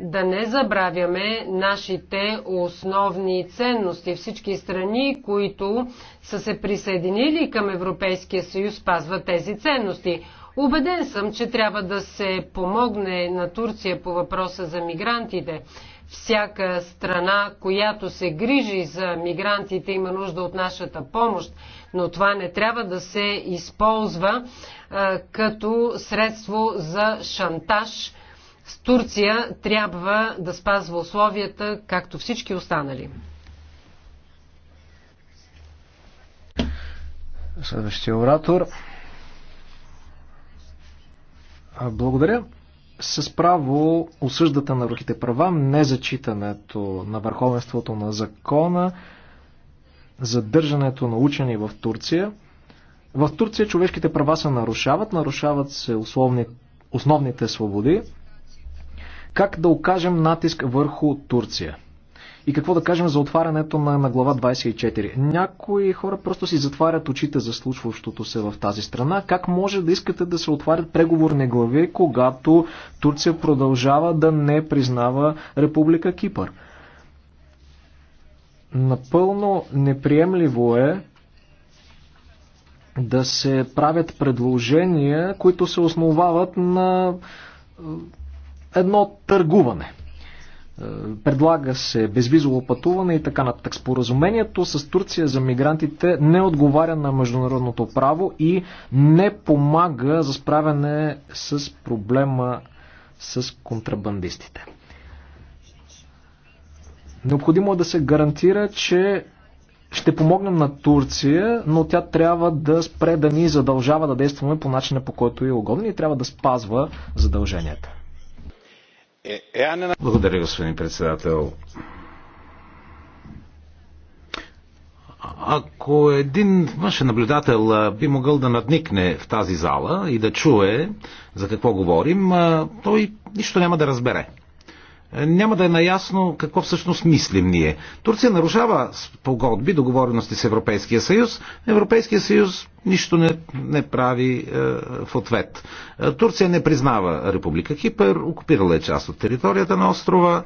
Да не забравяме нашите основни ценности. Всички страни, които са се присъединили към Европейския съюз, пазват тези ценности. Убеден съм, че трябва да се помогне на Турция по въпроса за мигрантите всяка страна, която се грижи за мигрантите, има нужда от нашата помощ, но това не трябва да се използва а, като средство за шантаж. С Турция трябва да спазва условията, както всички останали.
Следващия оратор. Благодаря с право осъждата на рухите права, незачитането на върховенството на закона, задържането на учени в Турция. В Турция човешките права се нарушават, нарушават се условни, основните свободи. Как да окажем натиск върху Турция? И какво да кажем за отварянето на, на глава 24? Някои хора просто си затварят очите за случващото се в тази страна. Как може да искате да се отварят преговорни глави, когато Турция продължава да не признава Република Кипър? Напълно неприемливо е да се правят предложения, които се основават на едно търгуване. Е, предлага се безвизово пътуване и така нататък. Споразумението с Турция за мигрантите не отговаря на международното право и не помага за справяне с проблема с контрабандистите. Необходимо е да се гарантира, че ще помогнем на Турция, но тя трябва да спре да ни задължава да действаме по начина по който е угодно и трябва да спазва задълженията.
Е,
е, Благодаря, господин председател. Ако един външен наблюдател би могъл да надникне в тази зала и да чуе за какво говорим, той нищо няма да разбере няма да е наясно какво всъщност мислим ние. Турция нарушава погодби, договорености с Европейския съюз. Европейския съюз нищо не, не прави е, в ответ. Турция не признава Република Кипър, окупирала е част от територията на острова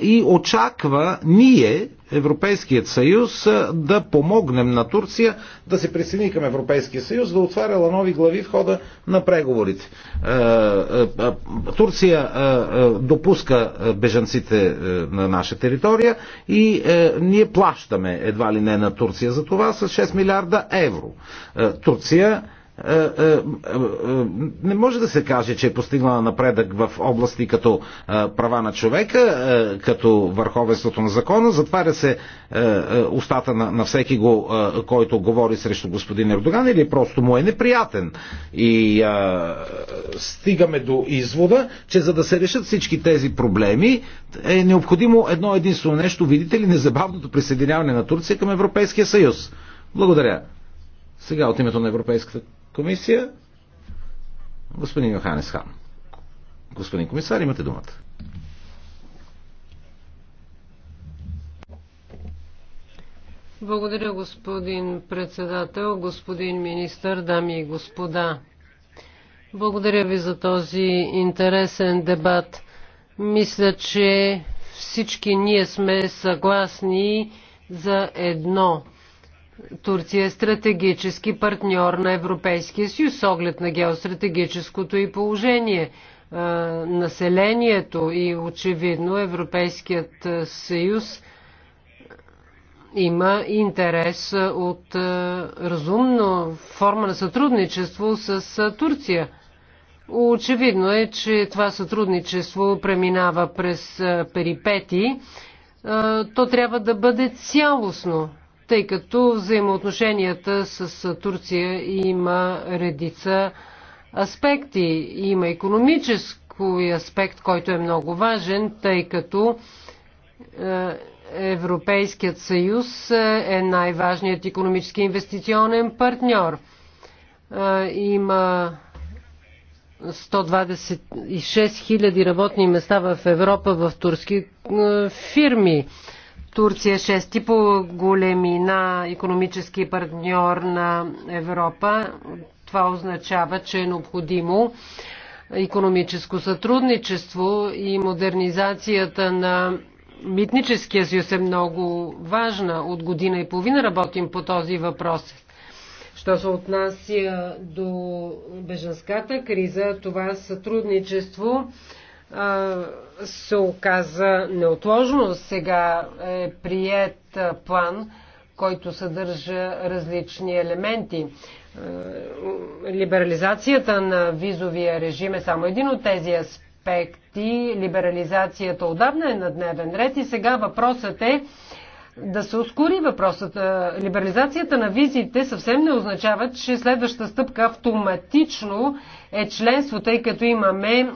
и очаква ние, Европейският съюз, да помогнем на Турция да се присъедини към Европейския съюз, да отваряла нови глави в хода на преговорите. Турция допуска бежанците на наша територия и ние плащаме едва ли не на Турция за това с 6 милиарда евро. Турция не е, е, е, може да се каже, че е постигнала напредък в области като права на човека, като върховенството на закона. Затваря се устата на, всеки го, който говори срещу господин Ердоган или просто му е неприятен. И а, стигаме до извода, че за да се решат всички тези проблеми е необходимо едно единствено нещо, видите ли, незабавното присъединяване на Турция към Европейския съюз. Благодаря. Сега от името на Европейската комисия. Господин Йоханес Хан. Господин комисар, имате думата.
Благодаря, господин председател, господин министр, дами и господа. Благодаря ви за този интересен дебат. Мисля, че всички ние сме съгласни за едно Турция е стратегически партньор на Европейския съюз с оглед на геостратегическото и положение е, населението и очевидно Европейският е, съюз има интерес от е, разумна форма на сътрудничество с Турция. Очевидно е, че това сътрудничество преминава през перипети. То трябва да бъде цялостно тъй като взаимоотношенията с Турция има редица аспекти. Има економически аспект, който е много важен, тъй като е, Европейският съюз е най-важният економически инвестиционен партньор. Е, има 126 000 работни места в Европа в турски е, фирми. Турция е шести по големина економически партньор на Европа. Това означава, че е необходимо економическо сътрудничество и модернизацията на митническия съюз е много важна. От година и половина работим по този въпрос. Що се отнася до беженската криза, това сътрудничество се оказа неотложно. Сега е прият план, който съдържа различни елементи. Либерализацията на визовия режим е само един от тези аспекти. Либерализацията отдавна е на дневен ред и сега въпросът е да се ускори въпросът. Либерализацията на визите съвсем не означава, че следващата стъпка автоматично е членство, тъй като имаме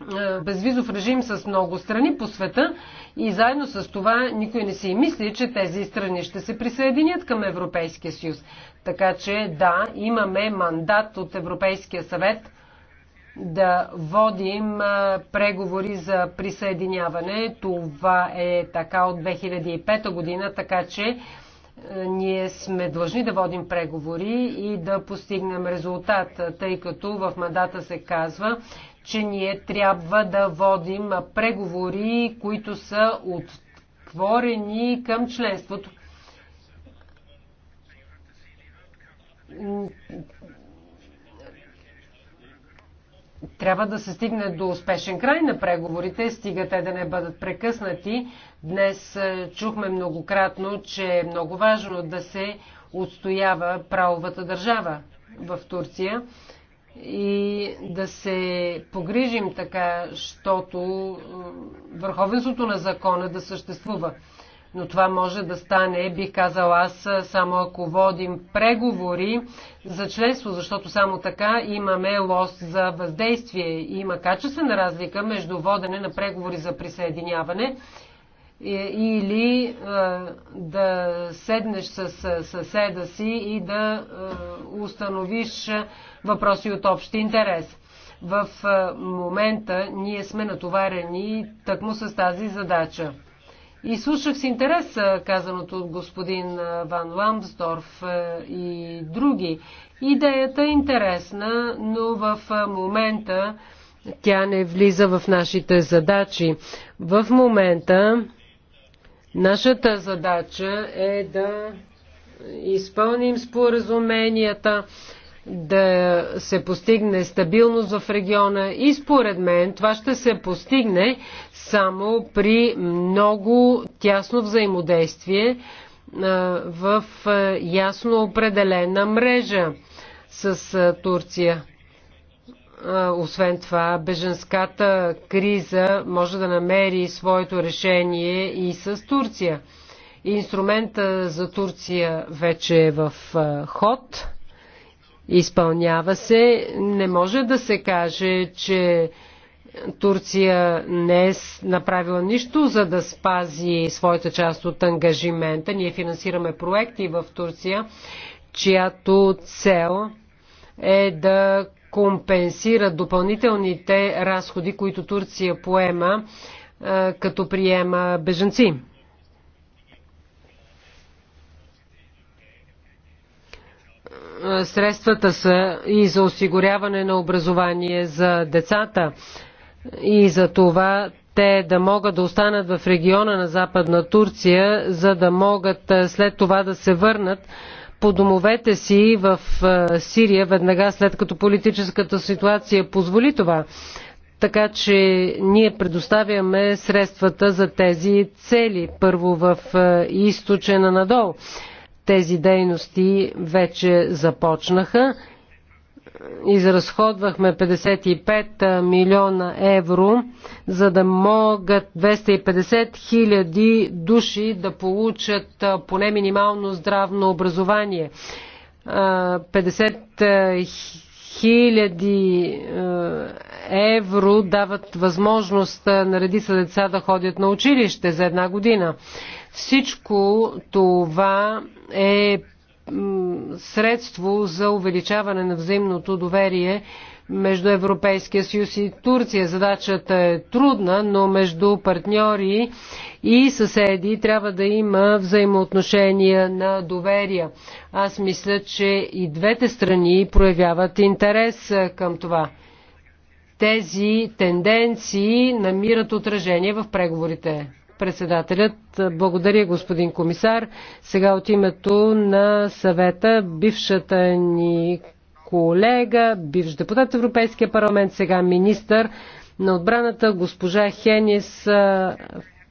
е, безвизов режим с много страни по света и заедно с това никой не си мисли, че тези страни ще се присъединят към Европейския съюз. Така че да, имаме мандат от Европейския съвет да водим е, преговори за присъединяване. Това е така от 2005 година, така че е, ние сме длъжни да водим преговори и да постигнем резултат, тъй като в мандата се казва, че ние трябва да водим преговори, които са отворени към членството. трябва да се стигне до успешен край на преговорите, стига те да не бъдат прекъснати. Днес е, чухме многократно, че е много важно да се отстоява правовата държава в Турция и да се погрижим така, щото върховенството на закона да съществува. Но това може да стане, бих казал аз, само ако водим преговори за членство, защото само така имаме лост за въздействие. И има качествена разлика между водене на преговори за присъединяване или да седнеш с съседа си и да установиш въпроси от общ интерес. В е, момента ние сме натоварени тъкмо с тази задача. И слушах с интерес е, казаното от господин е, Ван Ламсдорф и други. Идеята е интересна, но в момента тя не влиза в нашите задачи. В момента нашата задача е да изпълним споразуменията, да се постигне стабилност в региона и според мен това ще се постигне само при много тясно взаимодействие в ясно определена мрежа с Турция. Освен това, беженската криза може да намери своето решение и с Турция. Инструмента за Турция вече е в ход. Изпълнява се. Не може да се каже, че Турция не е направила нищо, за да спази своята част от ангажимента. Ние финансираме проекти в Турция, чиято цел е да компенсира допълнителните разходи, които Турция поема като приема беженци. Е, средствата са и за осигуряване на образование за децата и за това те да могат да останат в региона на Западна Турция, за да могат е, след това да се върнат по домовете си в е, Сирия, веднага след като политическата ситуация позволи това. Така че ние предоставяме средствата за тези цели, първо в източена надолу. Тези дейности вече започнаха. Изразходвахме 55 милиона евро, за да могат 250 хиляди души да получат поне минимално здравно образование. 50 хиляди евро дават възможност на редица деца да ходят на училище за една година. Всичко това е средство за увеличаване на взаимното доверие между Европейския съюз и Турция. Задачата е трудна, но между партньори и съседи трябва да има взаимоотношения на доверие. Аз мисля, че и двете страни проявяват интерес към това. Тези тенденции намират отражение в преговорите. Председателят, благодаря господин комисар. Сега от името на съвета, бившата ни колега, бивш депутат в Европейския парламент, сега министър на отбраната, госпожа Хенис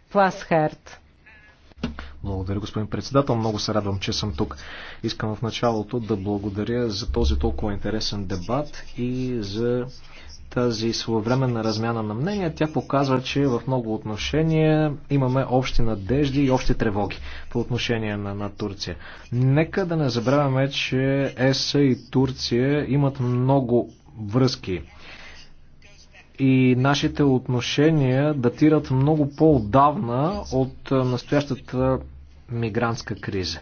Фасхерт.
Благодаря, господин председател. Много се радвам, че съм тук. Искам в началото да благодаря за този толкова интересен дебат и за тази своевременна размяна на мнения. Тя показва, че в много отношения имаме общи надежди и общи тревоги по отношение на, на Турция. Нека да не забравяме, че ЕСА и Турция имат много връзки. И нашите отношения датират много по-отдавна от настоящата мигрантска криза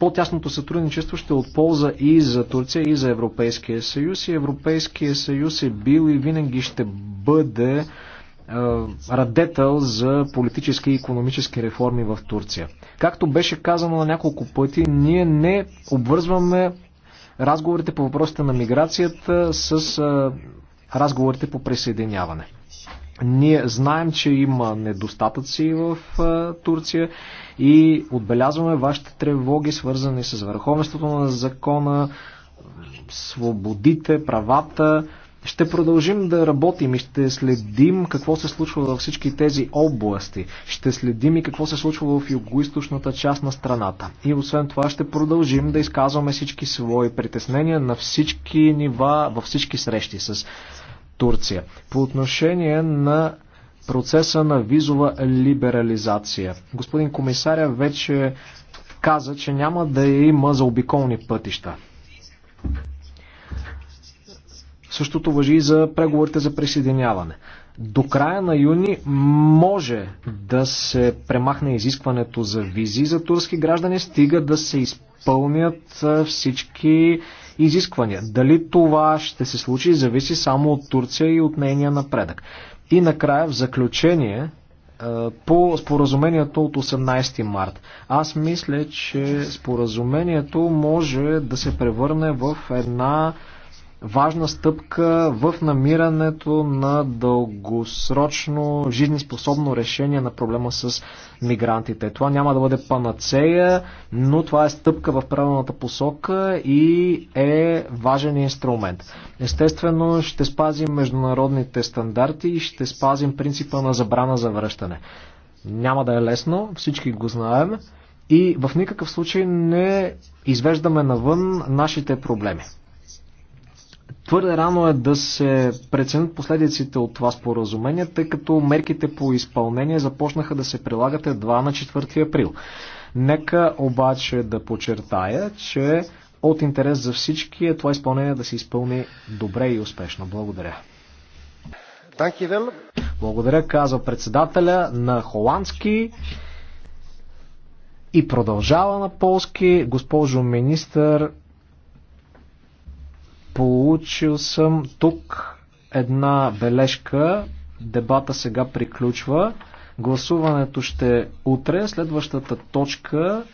по-тясното сътрудничество ще е от полза и за Турция, и за Европейския съюз. И Европейския съюз е бил и винаги ще бъде е, радетел за политически и економически реформи в Турция. Както беше казано на няколко пъти, ние не обвързваме разговорите по въпросите на миграцията с е, разговорите по присъединяване. Ние знаем, че има недостатъци в е, Турция и отбелязваме вашите тревоги, свързани с върховенството на закона, свободите, правата. Ще продължим да работим и ще следим какво се случва във всички тези области. Ще следим и какво се случва в юго част на страната. И освен това ще продължим да изказваме всички свои притеснения на всички нива, във всички срещи с Турция. По отношение на процеса на визова либерализация. Господин комисаря вече каза, че няма да има заобиколни пътища. Същото въжи и за преговорите за присъединяване. До края на юни може да се премахне изискването за визи за турски граждани, стига да се изпълнят всички изисквания. Дали това ще се случи, зависи само от Турция и от нейния напредък. И накрая, в заключение, по споразумението от 18 март. Аз мисля, че споразумението може да се превърне в една важна стъпка в намирането на дългосрочно жизнеспособно решение на проблема с мигрантите. Това няма да бъде панацея, но това е стъпка в правилната посока и е важен инструмент. Естествено, ще спазим международните стандарти и ще спазим принципа на забрана за връщане. Няма да е лесно, всички го знаем и в никакъв случай не извеждаме навън нашите проблеми. Твърде рано е да се преценят последиците от това споразумение, тъй като мерките по изпълнение започнаха да се прилагат едва на 4 април. Нека обаче да подчертая, че от интерес за всички е това изпълнение да се изпълни добре и успешно. Благодаря. Благодаря, казва председателя на холандски и продължава на полски. Госпожо министър, Получил съм тук една бележка. Дебата сега приключва. Гласуването ще е утре. Следващата точка